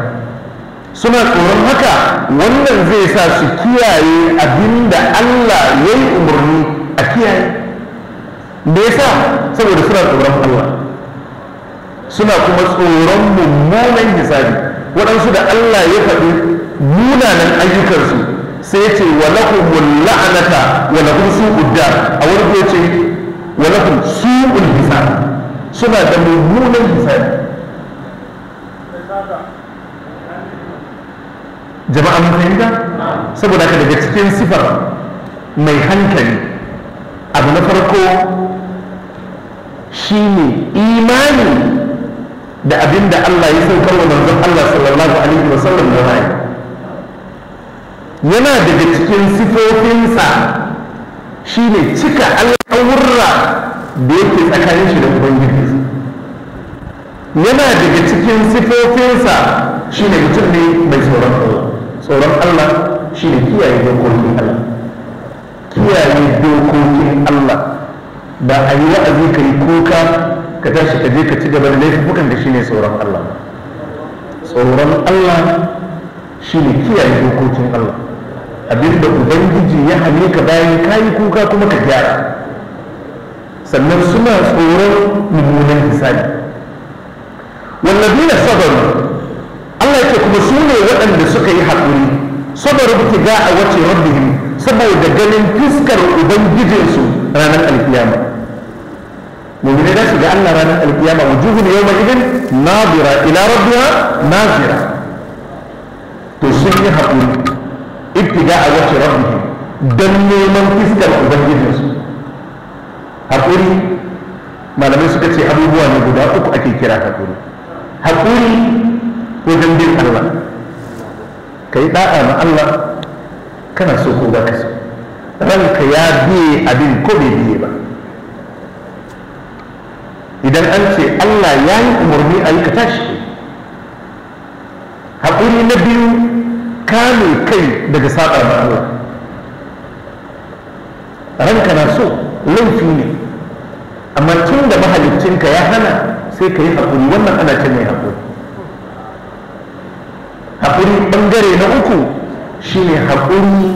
suna tsoron haka wannan zai sa su kiyaye abinda Allah ya yi umarni a kiyaye me yasa saboda suna tsoron Allah suna kuma tsoron mummunan hisabi waɗansu da Allah ya faɗi munanan ayyukansu sai ce wa lahumul la'anata wa lahum su dar a wani ce wa lahum su'ul hisab suna da mummunan hisabi jama'a mun fahimta saboda haka daga cikin sifar mai hankali abu na farko shine imani da abin da Allah ya saukar wa manzon Allah sallallahu alaihi wa sallam da rai yana daga cikin sifofinsa shine cika alƙawurra da yake tsakanin shi da ubangiji yana daga cikin sifofinsa shine mutum ne mai tsoron Allah tsoron Allah shi ne kiyaye dokokin Allah kiyaye dokokin Allah ba a yi wa'azi ka yi kuka ka tashi ka je ka ci gaba da laifukan da shi ne tsoron Allah tsoron Allah shi ne kiyaye dokokin Allah abinda ubangiji ya hane ka bayan ka yi kuka kuma ka gyara sannan suna tsoron mummunan hisabi wallazina sabaru ce kuma su ne waɗanda suka yi haƙuri saboda ga a wace rabbihim saboda ganin fiskar ubangijinsu ranar alkiyama mu'mini da shiga Allah ranar alkiyama wujuhun yawma idin nadira ila rabbiha nazira to sun yi haƙuri ibtiga a wace rabbihim don neman fiskar ubangijinsu haƙuri malamai suka ce abubuwa ne guda uku ake kira haƙuri haƙuri wajen bin Allah ka yi da'a ma Allah kana so ko ba ka so ranka ya biye abin ko bai biye ba idan an ce Allah ya yi umarni a yi ka tashi haƙuri na biyu kame kai daga saba ma Allah ranka na so laifi ne amma tun da mahalicinka ya hana sai ka yi haƙuri wannan ana ce mai haƙuri abin bangare na uku shine haƙuri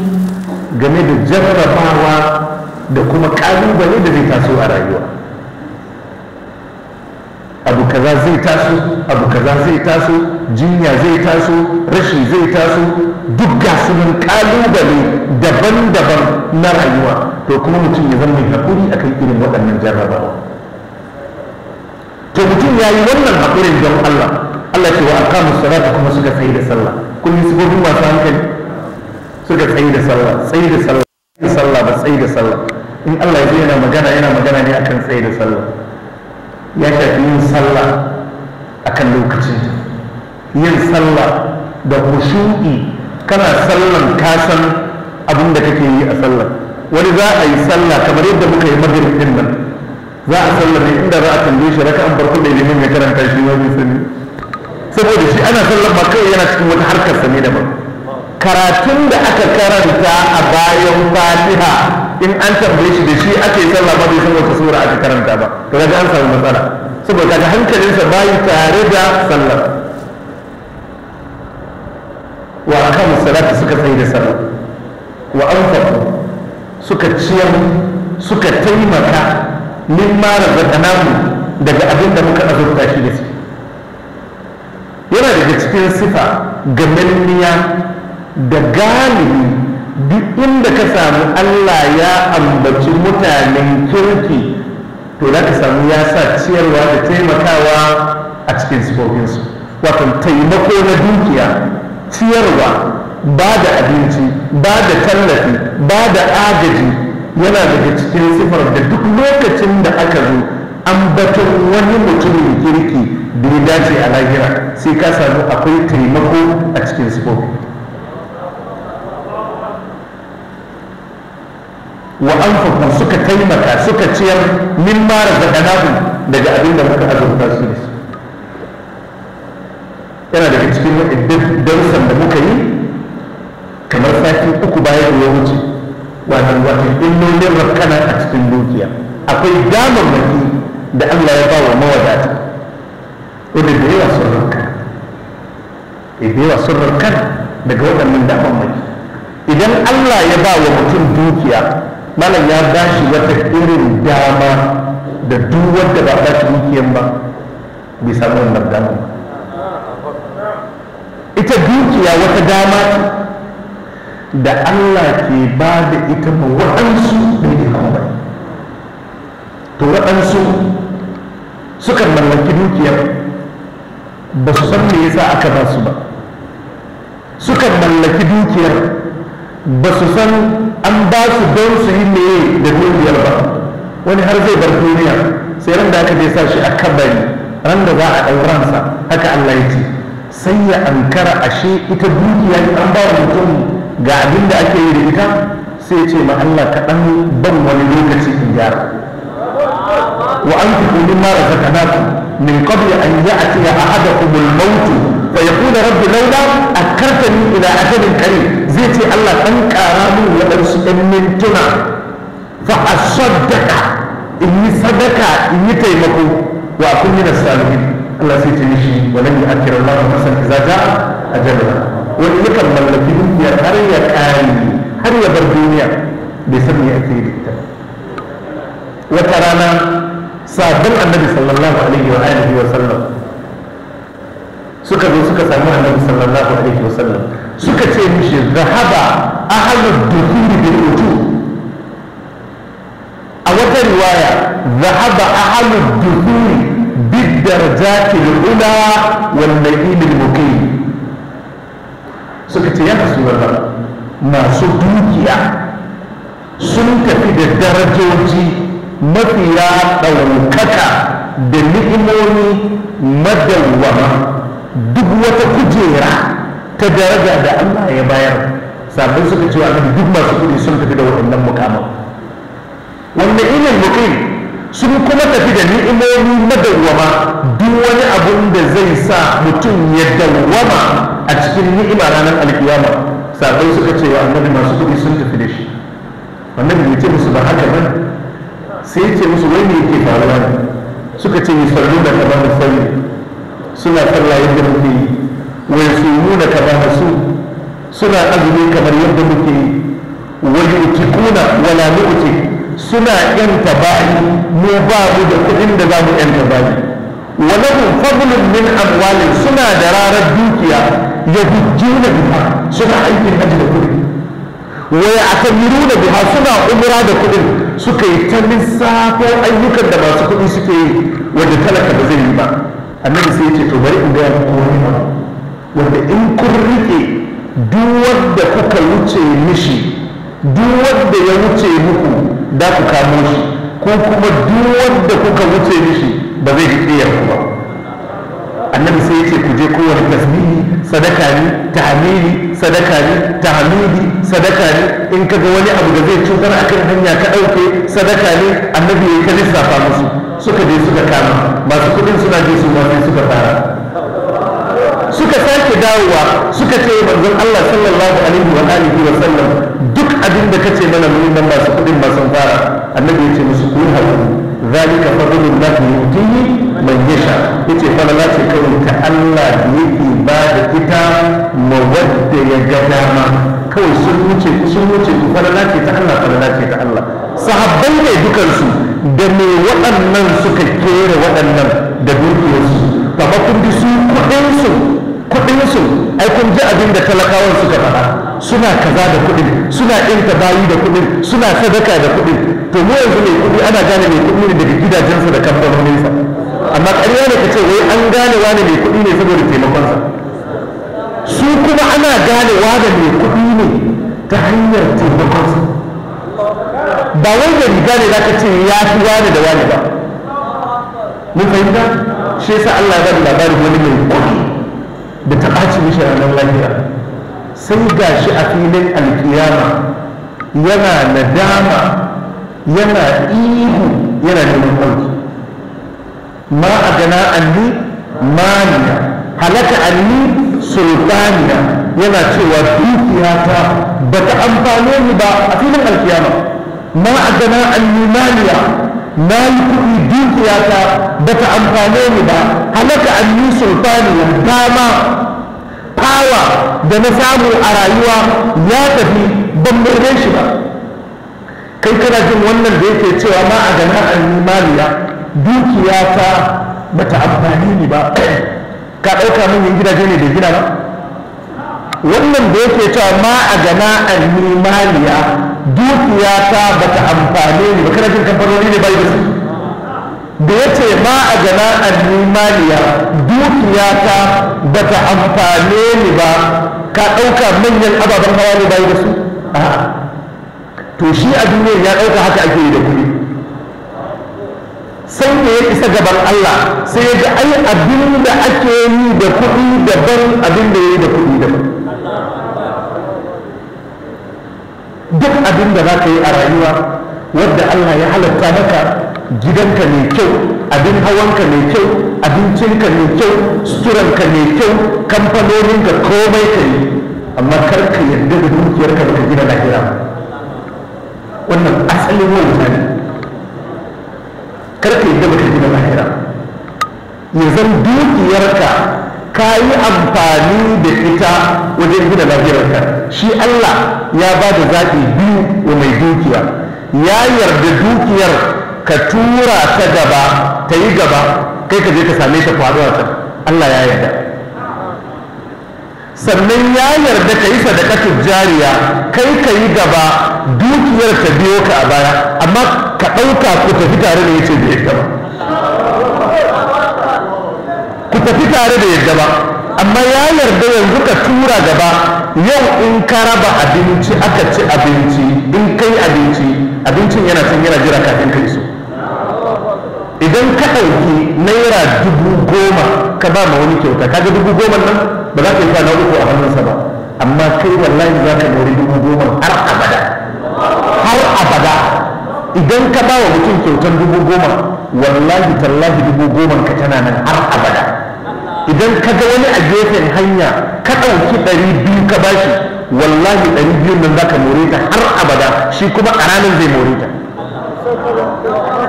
game da jarrabawa da kuma ƙalubale da zai taso a rayuwa abu kaza zai taso abu kaza zai taso jinya zai taso rashi zai taso duk ga sunan ƙalubale daban-daban na rayuwa to kuma mutum ya zama mai haƙuri akan irin waɗannan jarrabawa to mutum ya yi wannan haƙurin don Allah Allah ce wa aqamu salata kuma suka tsayi da sallah kun yi sifofin masu hankali suka tsayi da sallah tsayi da sallah tsayi da sallah ba tsayi da sallah in Allah ya yana magana yana magana ne akan tsayi da sallah ya shafi yin sallah akan lokacin yin sallah da khushu'i kana sallan kasan abin da kake yi a sallah wani za a yi sallah kamar yadda muka yi magana din nan za a sallar ne inda za a tambaye shi raka'an farko da limin ya karanta shi wani sani saboda shi ana sallar ba kawai yana cikin wata harkar sa ne daban karatun da aka karanta a bayan fatiha in an tambaye shi da shi ake sallah ba bai san wata sura aka karanta ba to kaga an samu matsala saboda ga hankalinsa bayi tare da sallar wa akamu salati suka tsaye da sallah wa anfaqu suka ciyar suka taimaka mimma razaqnahu daga abinda da muka azurta shi da shi yana daga cikin sifa ga manniya da galibi duk inda ka samu Allah ya ambaci mutanen kirki to za ka samu ya sa ciyarwa da taimakawa a cikin sifofinsu wato taimako na dukiya ciyarwa ba da abinci ba da tallafi ba da agaji yana daga cikin sifar da duk lokacin da aka zo ambaton wani mutumin kirki da ya dace a lahira sai ka samu akwai taimako a cikin sifofi wa fukun suka taimaka suka ciyar min mara da razaqnahu daga abin da muka azurta su ne yana daga cikin darussan da muka yi kamar sati uku bayan ya wuce wannan wata illolin rakkana a cikin dukiya akwai damar mafi da Allah ya ba wa mawadata ko da da yawa sun ranka da yawa sun ranka daga waɗannan damammaki idan Allah ya ba wa mutum dukiya mana ya ba shi wata irin dama da duk wadda ba ba shi dukiyan ba bai samu wannan dama ita dukiya wata dama da Allah ke ba da ita ma waɗansu da yi kama to waɗansu sukan mallaki dukiyar ba su san me yasa aka ba su ba suka mallaki dukiyar ba su san an ba su don su yi meye da dukiyar ba wani har zai bar duniya sai ran da aka je sa shi a kabari ran da za a ɗauransa haka Allah ya ce sai ya ankara ashe ita dukiya an ba mutum ga abin da ake yi da ita sai ce ma Allah kaɗan ban wani lokaci in gyara wa an fi kuɗin mara من قبل أن يأتي أحدكم الموت فيقول رب لولا أكرتني إلى أجل كريم زيتي الله أنك أرامي وأرس تنا فأصدق إني صدق إني تيمك وأكون من السالمين الله سيتي مشي ولن يأكر الله نفسا إذا جاء أجلها wani yakan mallaki يا har ya kare har ya bar duniya sabon annabi sallallahu alaihi wa alihi wa sallam suka zo suka samu annabi sallallahu alaihi wa sallam suka ce mishi zahaba ahlud dukhul bil wujuh a wata riwaya zahaba ahlud dukhul bid darajati al ula wal na'im al muqim suka ce ya rasulullah masu dukiya sun tafi da darajoji mafiya ɗaukaka da ni'imomi madawwama duk wata kujera ta daraja da Allah ya bayar sabbin suka cewa nan duk masu kuɗi sun tafi da waɗannan mukamman. wanda ilin mukin sun kuma tafi da ni'imomi madawwama duk wani abun da zai sa mutum ya dawwama a cikin ni'ima ranar alkiyama sabbin suka cewa annabi masu kuɗi sun tafi da shi wannan bai ce musu ba haka ba sai ce musu wai ne yake faruwa ne suka ce yi sallu da kama da sallu suna sallah yadda muke yi wai su mu da kama da su suna azumi kamar yadda muke yi Wani wai kuna wala nu'ti suna yanta bayi mu ba mu da kuɗin da za mu yanta bayi wa lahum fadlun min amwalin suna da rarar dukiya ya yahujjuna biha suna aikin hajji da kuɗi wa nuna biha suna umra da kuɗin suka yi ta lissafo ayyukan da masu kuɗi suke yi wanda talaka ba zai yi ba annabi sai ce to bari in ya muku wani ba wanda in kun rike duk wanda kuka wuce mishi duk wanda ya wuce muku da ku kamo shi ko kuma duk wanda kuka wuce mishi ba zai riƙe yanku ba annabi sai ce ku je kowane tasbihi sadaka ne tahmili sadaka ne tahmidi sadaka ne in ka ga wani abu da zai cutar kan hanya ka ɗauke sadaka ne annabi ya ka lissafa musu suka je suka kama masu kuɗin suna je su sai suka fara suka sake dawowa suka ce manzon Allah sallallahu alaihi wa alihi wa sallam duk abin da kace mana mun nan masu kuɗin ba sun fara annabi ya ce musu ku hakuri zalika fadlul lahi yutihi man yasha yace falala ce kawai ta Allah da yake ba da ita ma ya ga dama kawai sun wuce sun wuce falala ce ta Allah falala ce ta Allah sahabbai ne dukansu da me waɗannan suka kera waɗannan da dukiyarsu kamar kun ji su kuɗinsu kuɗinsu ai kun ji da talakawan suka faɗa suna kaza da kuɗin suna inta bayi da kuɗin suna sadaka da kuɗin to mu yanzu mai kuɗi ana gane mai kuɗi ne daga gidajensa da kamfanoninsa amma ƙarya ne ka ce wai an gane wani mai kuɗi ne saboda taimakonsa su kuma ana gane wani mai kuɗi ne ta hanyar taimakonsa ba wai da riga ne za ka ce ya fi wani da wani ba mun fahimta shi yasa Allah ya ba labarin wani mai kudi da ta ɓaci mishi ranar lafiya sai gashi a filin alkiyama yana nadama yana ihu yana neman ɗauki ma a gana anni maniya halaka anni sultaniya yana cewa dukiyata ba ta amfane ni ba a filin alkiyama ma a gana anni maniya na yi kuɗi dukiyata ba ta amfane ni ba halaka anni sultaniya dama fawa da na samu a rayuwa ya tafi ban birne shi ba kai kana jin wannan da yake cewa ma a gana an maliya dukiya ta bata amfani ni ba ka ɗauka min yin gidaje ne da gina ba wannan da yake cewa ma a gana an maliya dukiya ta bata amfani ni ba kana jin kamfanoni ne ba yi da su da ya ce ma a gana annimaniya dukiyata ta ba ta amfane ni ba ka ɗauka manyan ababen hawa ne bayi da su to shi a duniyar ya ɗauka haka ake yi da kuɗi sai da ya isa gaban Allah sai ya ga ai abin da ake yi da kuɗi daban abin da ya yi da kuɗi daban duk abin da za ka yi a rayuwa wadda Allah ya halatta maka gidanka mai kyau abin hawanka mai kyau abincinka mai kyau suturanka mai kyau kamfanoninka komai ka yi amma kar ka yarda da dukiyarka baka gina lahira wannan asalin wauta ne kar ka yarda baka gina lahira ya zan dukiyarka ka yi amfani da ita wajen gina lahirarka shi Allah ya ba da zaɓi biyu wa mai dukiya ya yarda dukiyar ka tura ta gaba ta yi gaba kai ka je ka same ta faruwa ta Allah ya yarda sannan ya yarda ka yi sadakatun jariya kai ka yi gaba dukiyar ta biyo ka a baya amma ka ɗauka ku tafi tare da yace da yadda ba ku tafi tare da yadda ba amma ya yarda yanzu ka tura gaba yau in ka raba abinci aka ci abinci in kai abinci abincin yana can yana jira kafin kai su idan ka ɗauki naira dubu goma ka ba ma wani kyauta kaga dubu goma nan ba za ka yi kwana uku a hannunsa ba amma kai wallahi za ka mori dubu goma har abada har abada idan ka ba wa mutum kyautar dubu goma wallahi tallahi dubu goma ka tana nan har abada idan ka ga wani a gefen hanya ka ɗauki ɗari biyu ka bashi wallahi ɗari biyun nan za ka more ta har abada shi kuma a ranar zai more ta to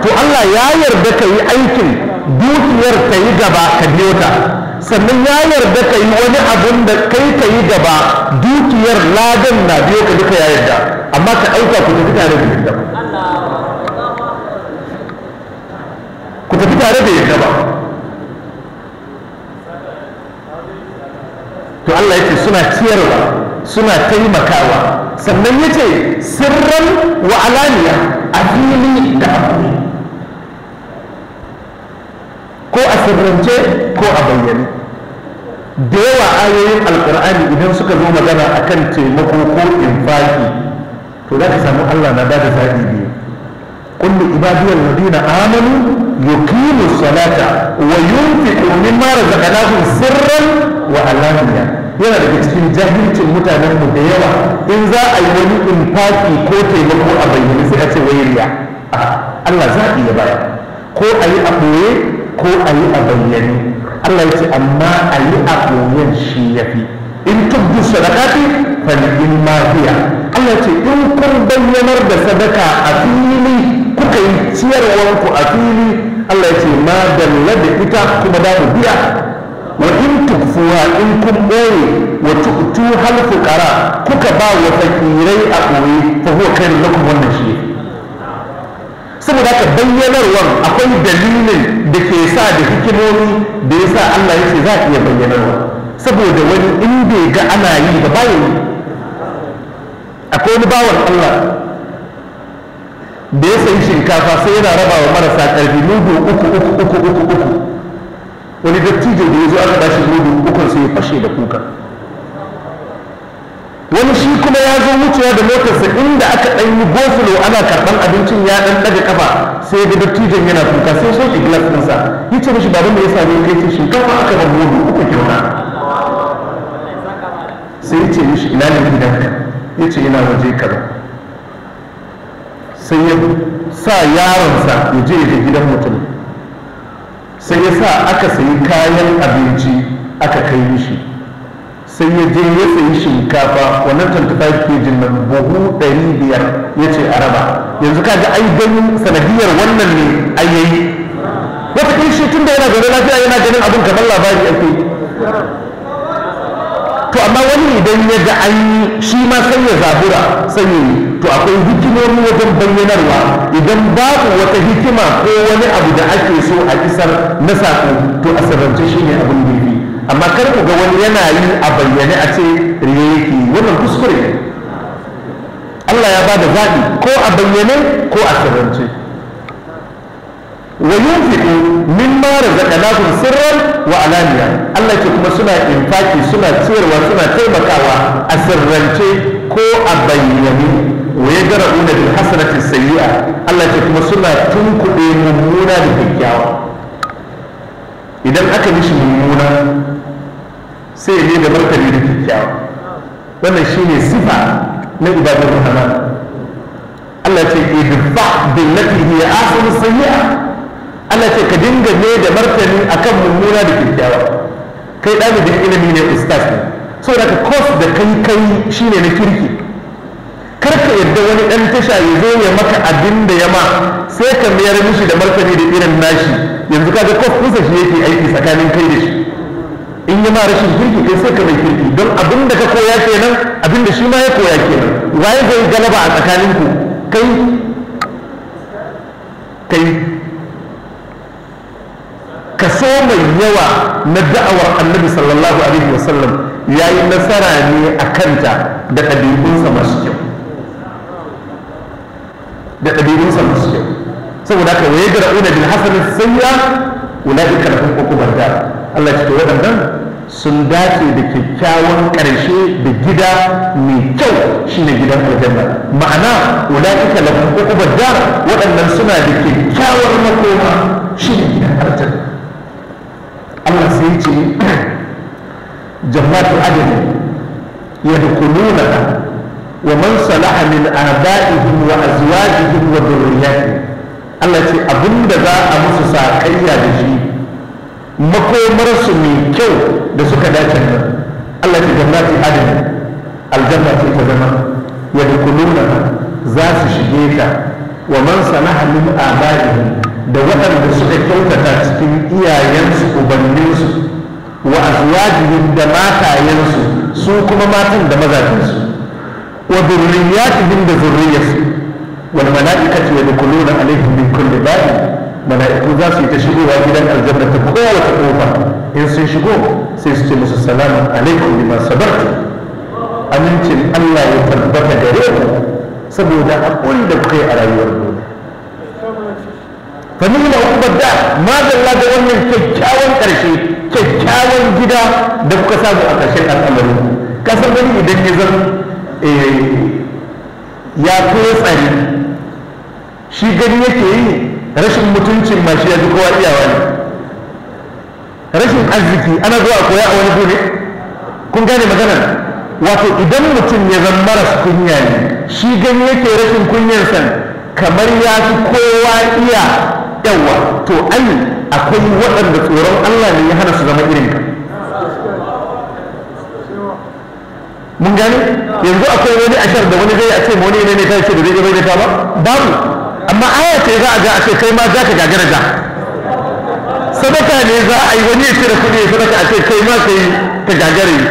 Allah ya yarda ka yi aikin dukiyar ta yi gaba ka biyo ta sannan ya yarda ka yi wani abun da kai ka yi gaba dukiyar ladan na biyo ka duka ya yarda amma ka aika ku tafi tare da yarda ku tafi tare da yarda ba to Allah ya ce suna ciyarwa suna taimakawa sannan ya ce sirran wa alaniya a fili da abu ko a sirrance ko a bayyane da yawa ayoyin alkur'ani idan suka zo magana a akan taimako ko infaki to za ka samu allah na ba da zaɓi ne kullum ibadiyar ladina amanu yuqimu salata wa yunfiqu mimma razaqnahum sirran wa alaniya yana daga cikin jahilcin mutanen mu da yawa in za a yi wani infaki ko taimako a bayyane sai a ce wayariya Allah zaɓi iya bayar ko a yi a ɓoye ko a yi a bayyane Allah ya ce amma a yi a ɓoyen shi ya fi in tubdu sadaqati fa in ma hiya Allah ce in kun bayyanar da sadaka a fili kuka yi ciyarwar ku a fili Allah ya ce ma dalla da ita kuma da biya wa in tukfuwa in kun ɓoye wa tuktu hal fuqara kuka ba wa fakirai a ɓoye fa huwa khairun lakum wannan shi saboda haka bayyanarwar akwai dalilin da ke sa da hikimomi da ya sa Allah ya ce za a iya bayyanarwa saboda wani in bai ga ana yi ba bayan akwai wani bawan Allah da ya sayi shinkafa sai yana raba wa marasa ƙarfi mudu uku uku uku uku uku wani dattijo da ya zo aka bashi mudu ukun sai ya fashe da kuka wani shi kuma ya zo wucewa da motarsa inda aka ɗan yi gofulo ana karɓar abincin ya ɗan ɗaga kafa sai ya ga dattijon yana kuka sai so ki glass ɗinsa ya ce mishi baban da ya sami kai ce shinkafa aka ban mudu uku kyauta sai ya ce mishi ina ne gidan ya ce ina waje kaza sai ya sa yaronsa ya je ya ga gidan mutum sai ya sa aka sayi kayan abinci aka kai mishi sai ya je ya sayi shinkafa wannan 25 kg na buhu 500 ya ce a raba yanzu kaga ai ganin sanadiyar wannan ne a yayi wata kai shi tun da yana zaune lafiya yana ganin abin kamar labari ake to amma wani idan ya ga an yi shi ma sanya ya zabura sai yi to akwai hikimomi wajen bayyanarwa idan babu wata hikima ko wani abu da ake so a isar na sako to a sirrance shi ne abin bibi amma kar ku ga wani yana yi a bayyane a ce riye yake wannan kuskure Allah ya bada zaɓi ko a bayyane ko a sirrance wa yunfiqu mimma razaqnahum sirran wa alaniya Allah ke kuma suna infaki suna ciyarwa suna taimakawa a sirrance ko a bayyane wa ya gara una bil hasanatin sayyi'a Allah ce kuma suna tunkuɗe mummuna da kyakkyawa idan aka mishi mummuna sai ne da martani da kyakkyawa wannan shine sifa na ibadar rahman Allah ce idfa billati hiya ahsanu sayyi'a Allah ce ka dinga ne da martani akan mummuna da kyakkyawa kai ɗalibin ilimi ne ustaz ne saboda ka kos da kai kai shine na kirki karka yadda wani ɗan tasha ya zo ya maka abin da ya ma sai ka mayar mishi da martani da irin nashi yanzu kaga kusa shi yake aiki tsakanin kai da shi in yi ma rashin kirki kai sai ka mai kirki don abin da ka koya kenan abin da shi ma ya koya kenan waye zai galaba a tsakanin ku kai kai so mai yawa na da'awar annabi sallallahu alaihi wasallam ya nasara ne a kanta da ɗabi'unsa masu kyau da ɗabi'un masu kyau saboda haka waye gara una bin hasanin sayya ulai ka lafin hukumar da Allah ya ce waɗannan sun dace da kyakkyawan ƙarshe da gida mai kyau shine gidan aljanna ma'ana ulai ka lafin hukumar da waɗannan suna da kyakkyawar makoma shine gidan aljanna Allah sai ya ce jama'atu adani yadkhuluna ومن صلح من آبائهم وأزواجهم وذرياتهم Allah ce abin da za a musu saƙayya da shi makomarsu mai kyau da suka dace nan Allah ce jannati adin aljanna ce ta zama ya dukuluna za su shige ta wa man sanaha min aba'ihim da waɗanda suka kyautata cikin iyayensu ubanninsu wa azwajihim da matayensu su kuma matan da mazajensu wa zurriyatihim da zurriyarsu wal mala'ikatu yadkhuluna alaihim min kulli bab mala'iku za su yi ta shigowa gidan aljanna ta kowace kofa in sun shigo sai su ce musu salamun alaikum bima sabartu amincin Allah ya tabbata gare ku saboda haƙuri da kai a rayuwar duniya fa nuna ubar da madalla da wannan kyakkyawan ƙarshe kyakkyawan gida da kuka samu a ƙarshen al'amari kasar wani idan ya zama Eh, ya kuma tsari shi gani yake yi rashin mutuncin mashi ya ji kowa iyawa ne rashin arziki ana zuwa koya a wani guri kun gane maganar wato idan mutum ya zama maras kunya ne shi gani yake rashin kunyarsa kamar ya fi kowa iya yawa to an akwai waɗanda tsoron Allah ne ya hana su zama irin ka mun gani yanzu akwai wani ashar da wani zai a ce wani ne ta ce da zai bai ta ba babu amma aya ce za a ga a ce kai ma za ka gagara ga. sadaka ne za a yi wani ya cire kuɗi ya sadaka a ce kai ma kai ta gagara yi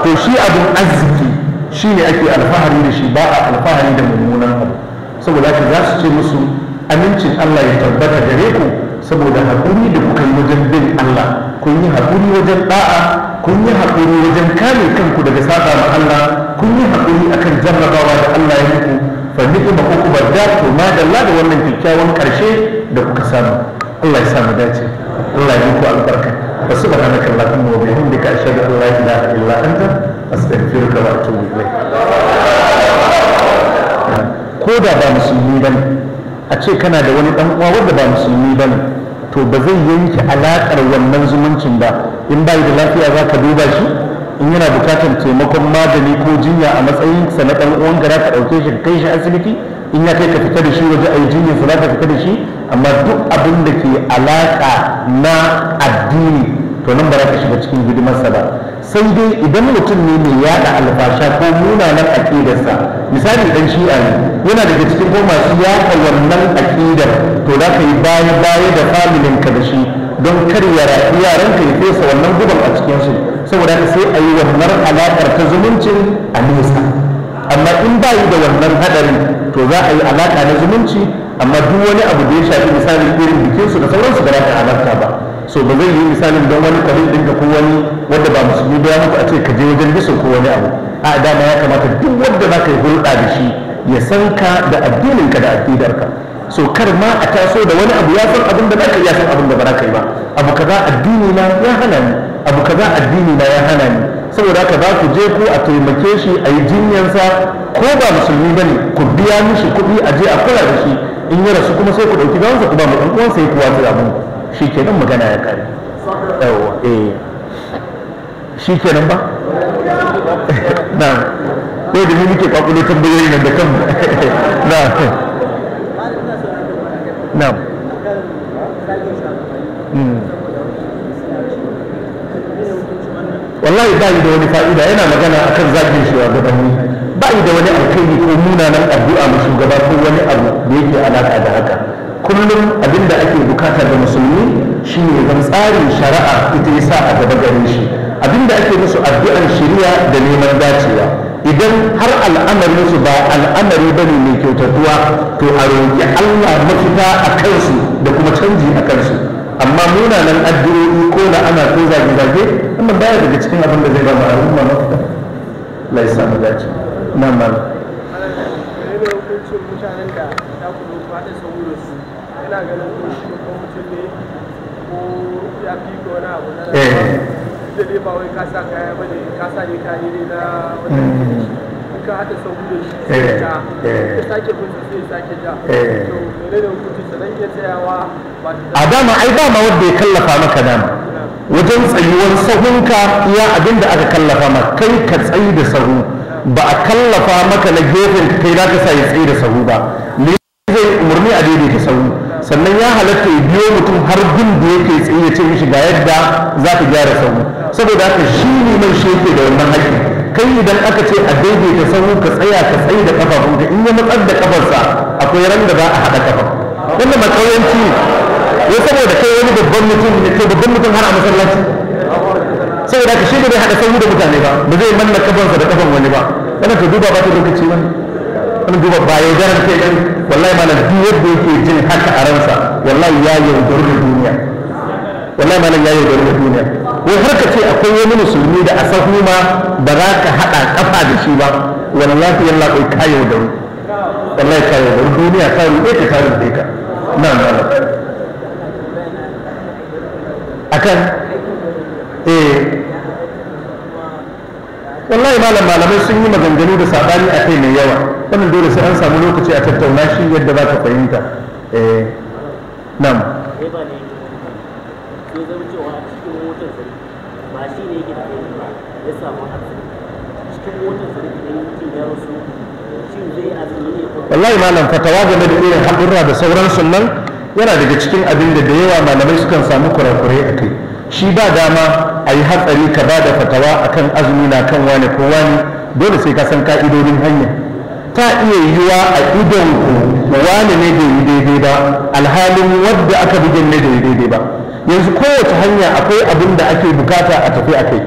to shi abin arziki shi ne ake alfahari da shi ba a alfahari da mummunan abu saboda ka za su ce musu amincin Allah ya tabbata gare ku saboda haƙuri da kuka yi wajen bin Allah kun yi haƙuri wajen ɗa'a kun yi haƙuri wajen kare kanku daga saba ma Allah kun yi haƙuri akan jarrabawa da Allah ya muku fa ku uku da to ma Allah da wannan kyakkyawan karshe da kuka samu Allah ya sa mu dace Allah ya muku albarka wa subhanaka allahumma wa bihamdika ashhadu an la ilaha illa anta astaghfiruka wa atubu ilayk ko da ba musulmi bane a ce kana da wani dan uwa wanda ba musulmi bane to ba zai yanke alakar wannan zumuncin ba in bai da lafiya za ka duba shi in yana bukatar taimakon magani ko jinya a matsayin sa na ɗan uwan ka ɗauke shi ka kai shi asibiti in ya kai ka fita da shi waje a yi jinyar sa ka fita da shi amma duk abin da ke alaka na addini to nan ba za ka shiga cikin sa ba sai dai idan mutum ne mai yada alfasha ko munanan sa misali dan shi'a ne yana daga cikin ko masu yada wannan aƙidar to za ka yi baya baya da familinka da shi don kar ya rafi yaran ka ya fesa wannan guban a cikin su saboda ka sai a yi wannan alaƙar ta zumunci a nesa amma in ba yi da wannan haɗarin to za a yi alaƙa na zumunci amma duk wani abu da ya shafi misalin irin bikinsu da sauransu da za ka ba so ba zai yi misalin don wani kwarin ɗinka ko wani wanda ba musulmi ba a ce ka je wajen bisa ko wani abu a dama ya kamata duk wanda za ka yi hulɗa da shi ya san ka da addininka da addidarka so kar ma a taso da wani abu ya san abin da baka ya san abin da baraka yi ba abu kaza addini na ya hana ni abu kaza addini na ya hana ni saboda haka za ku je ku a taimake shi a yi jinyansa ko ba musulmi bane ku biya mishi kuɗi a je a kula da shi in yi rasu kuma sai ku ɗauki gawansa ku ba mu ɗan uwansa ya kuwa tura mun shi kenan magana ya kare yawa eh shi kenan ba na ko da ni muke kwakwalo tambayoyi nan da kanmu na na'am hmm. wallahi ba da wani fa'ida yana magana akan zagin shugabanni ba da wani alkhairi ko munanan addu'a ma shugaba ko wani abu da yake alaka da haka kullum abinda ake bukata da musulmi shine zan tsarin shari'a ita sa a gaba gare shi abinda ake musu addu'ar shari'a da neman dacewa idan har al'amarin su ba al'amari bane mai kyautatuwa to a roƙi Allah mafita a kansu da kuma canji a kansu amma munanan addu'o'i ko da ana ko zage zage amma baya daga cikin abin da zai ba al'umma mafita Lai samu dace na mal Eh. da da shi sai da eh, eh. eh. a dama ai ba ma wanda ya kallafa maka nan, wajen tsayuwar sahunka ya abin da aka kallafa ma kai ka tsayi da sahu ba a kallafa maka na gefen kai za ka sa ya tsayi da sahu ba sannan ya halatta ya biyo mutum har gun da yake tsaye ya ce mishi ga yadda za ka gyara sahu saboda haka shi ne mai shi da wannan haƙƙi kai idan aka ce a daidaita sahu ka tsaya ka tsaye da kafafunka in ya matsar da kafarsa akwai ran da za a haɗa kafa wannan matsayanci ya saboda kai wani babban mutum ne kai babban mutum har a masallaci saboda haka shi ne bai haɗa sahu da mutane ba ba zai manna kafansa da kafan wani ba kana ka duba ba ta lokaci wani in duba ba ya jarar ke ɗin wallahi na duk yadda yake jin haka a ransa wallahi ya yaudar da duniya wallahi malam ya yaudar da duniya ko har ka ce akwai wani musulmi da a sahu ma ba za ka haɗa kafa da shi ba wallahi ya kai ka yaudaru wallahi ka yaudaru duniya ta ruɗe ka ta ruɗe ka na malam akan eh wallahi malam malamai sun yi maganganu da sabani a kai mai yawa wannan dole sai an samu lokaci a tattauna shi yadda za ka fahimta eh, wallahi malam fatawa game da irin haɗurra da sauransu nan yana daga cikin abin da da yawa malamai sukan samu kurakurai a kai shi ba dama a yi hatsari ka ba da fatawa akan azumi na kan wane ko wani dole sai ka san ka'idodin hanya ta iya yiwuwa a idon ku wani ne bai daidai ba alhalin wadda aka bugin ne bai daidai ba yanzu kowace hanya akwai abin da ake bukata a tafi a kai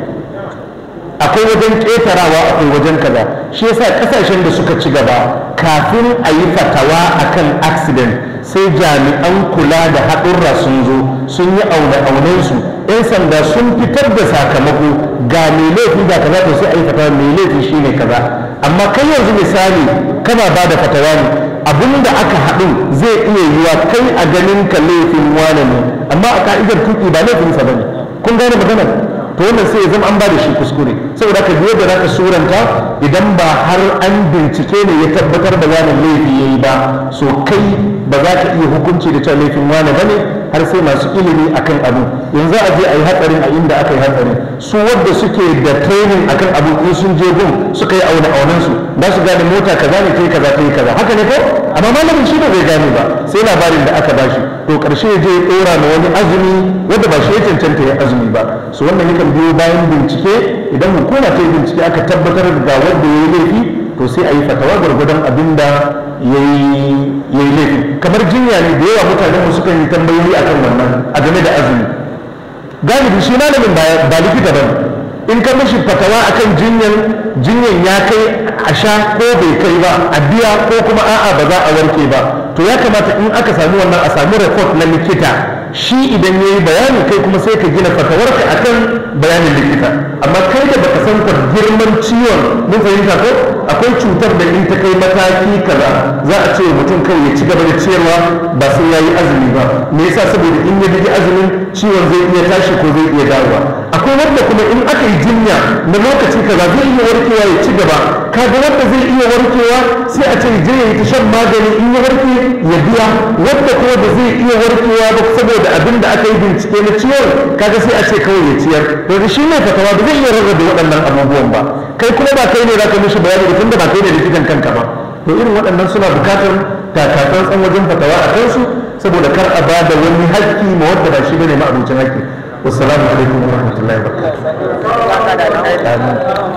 akwai wajen ketarawa akwai wajen kaza shi yasa ƙasashen da suka ci gaba kafin a yi fatawa akan accident sai jami'an kula da haɗurra sun zo sun yi aune-aunensu 'yan sanda sun fitar da sakamako ga mai laifi ga kaza to sai a yi mai laifin shi ne kaza amma kai yanzu misali kana ba da fatawa ne abin da aka haɗu zai iya yiwa kai a ganin ka laifin wane ne amma a ka'idar tuƙi ba laifinsa ba ne kun gane maganar to wannan sai ya zama an ba da shi kuskure saboda ka biyo da za ka suranta idan ba har an bincike ne ya tabbatar da wani laifi ya yi ba so kai ba za ka iya hukunci da cewa laifin wani bane har sai masu ilimi akan abu yanzu a je a yi hatsarin a inda aka yi hatsarin su wadda suke da training akan abu in sun je gun suka yi auna aunen su ba su gane mota kaza ne ta kaza ta kaza haka ne ko amma malamin shi ba zai gane ba sai labarin da aka bashi to karshe ya je ya dora ma wani azumi wanda ba shi ya cancanta ya azumi ba su wannan yakan biyo bayan bincike idan hukuma ta yi bincike aka tabbatar da wanda ya yi laifi to sai a yi fatawa gwargwadon abin da yayi laifi kamar jinya ne da yawa mutane suka yi tambayoyi akan wannan a game da azumi galibi shi malamin ba likita ba ne in ka mashi fatawa akan jinyan jinyan ya kai a sha ko bai kai ba a biya ko kuma a'a ba za a warke ba to ya kamata in aka samu wannan a sami rekod na likita shi idan ya yi bayani kai kuma sai ka gina fatawar ka akan bayanin likita amma kai da baka san ka girman ciwon mun fahimta ko akwai cutar da in ta kai mataki kaza za a ce mutum kai ya ci gaba da ciyarwa ba sai ya yi azumi ba me yasa saboda in ya bi azumin ciwon zai iya tashi ko zai iya dawowa akwai wanda kuma in aka yi jinya na lokaci kaza zai iya warkewa ya ci gaba kaga wanda zai iya warkewa sai a ce je ya yi ta shan magani in ya warke ya biya wanda kuma da zai iya warkewa ba saboda abin da aka yi bincike na ciwon kaga sai a ce kawai ya ciyar to shi ne fatawa ba zai iya rarrabe waɗannan abubuwan ba kai kuma ba kai ne za ka mishi bayani ba tunda ba kai ne likitan kanka ba to irin waɗannan suna bukatar takatsantsan wajen fatawa a kansu saboda kar a ba da wani haƙƙi ma wadda ba shi bane ma abincin haƙƙi wassalamu alaikum warahmatullahi wabarakatuh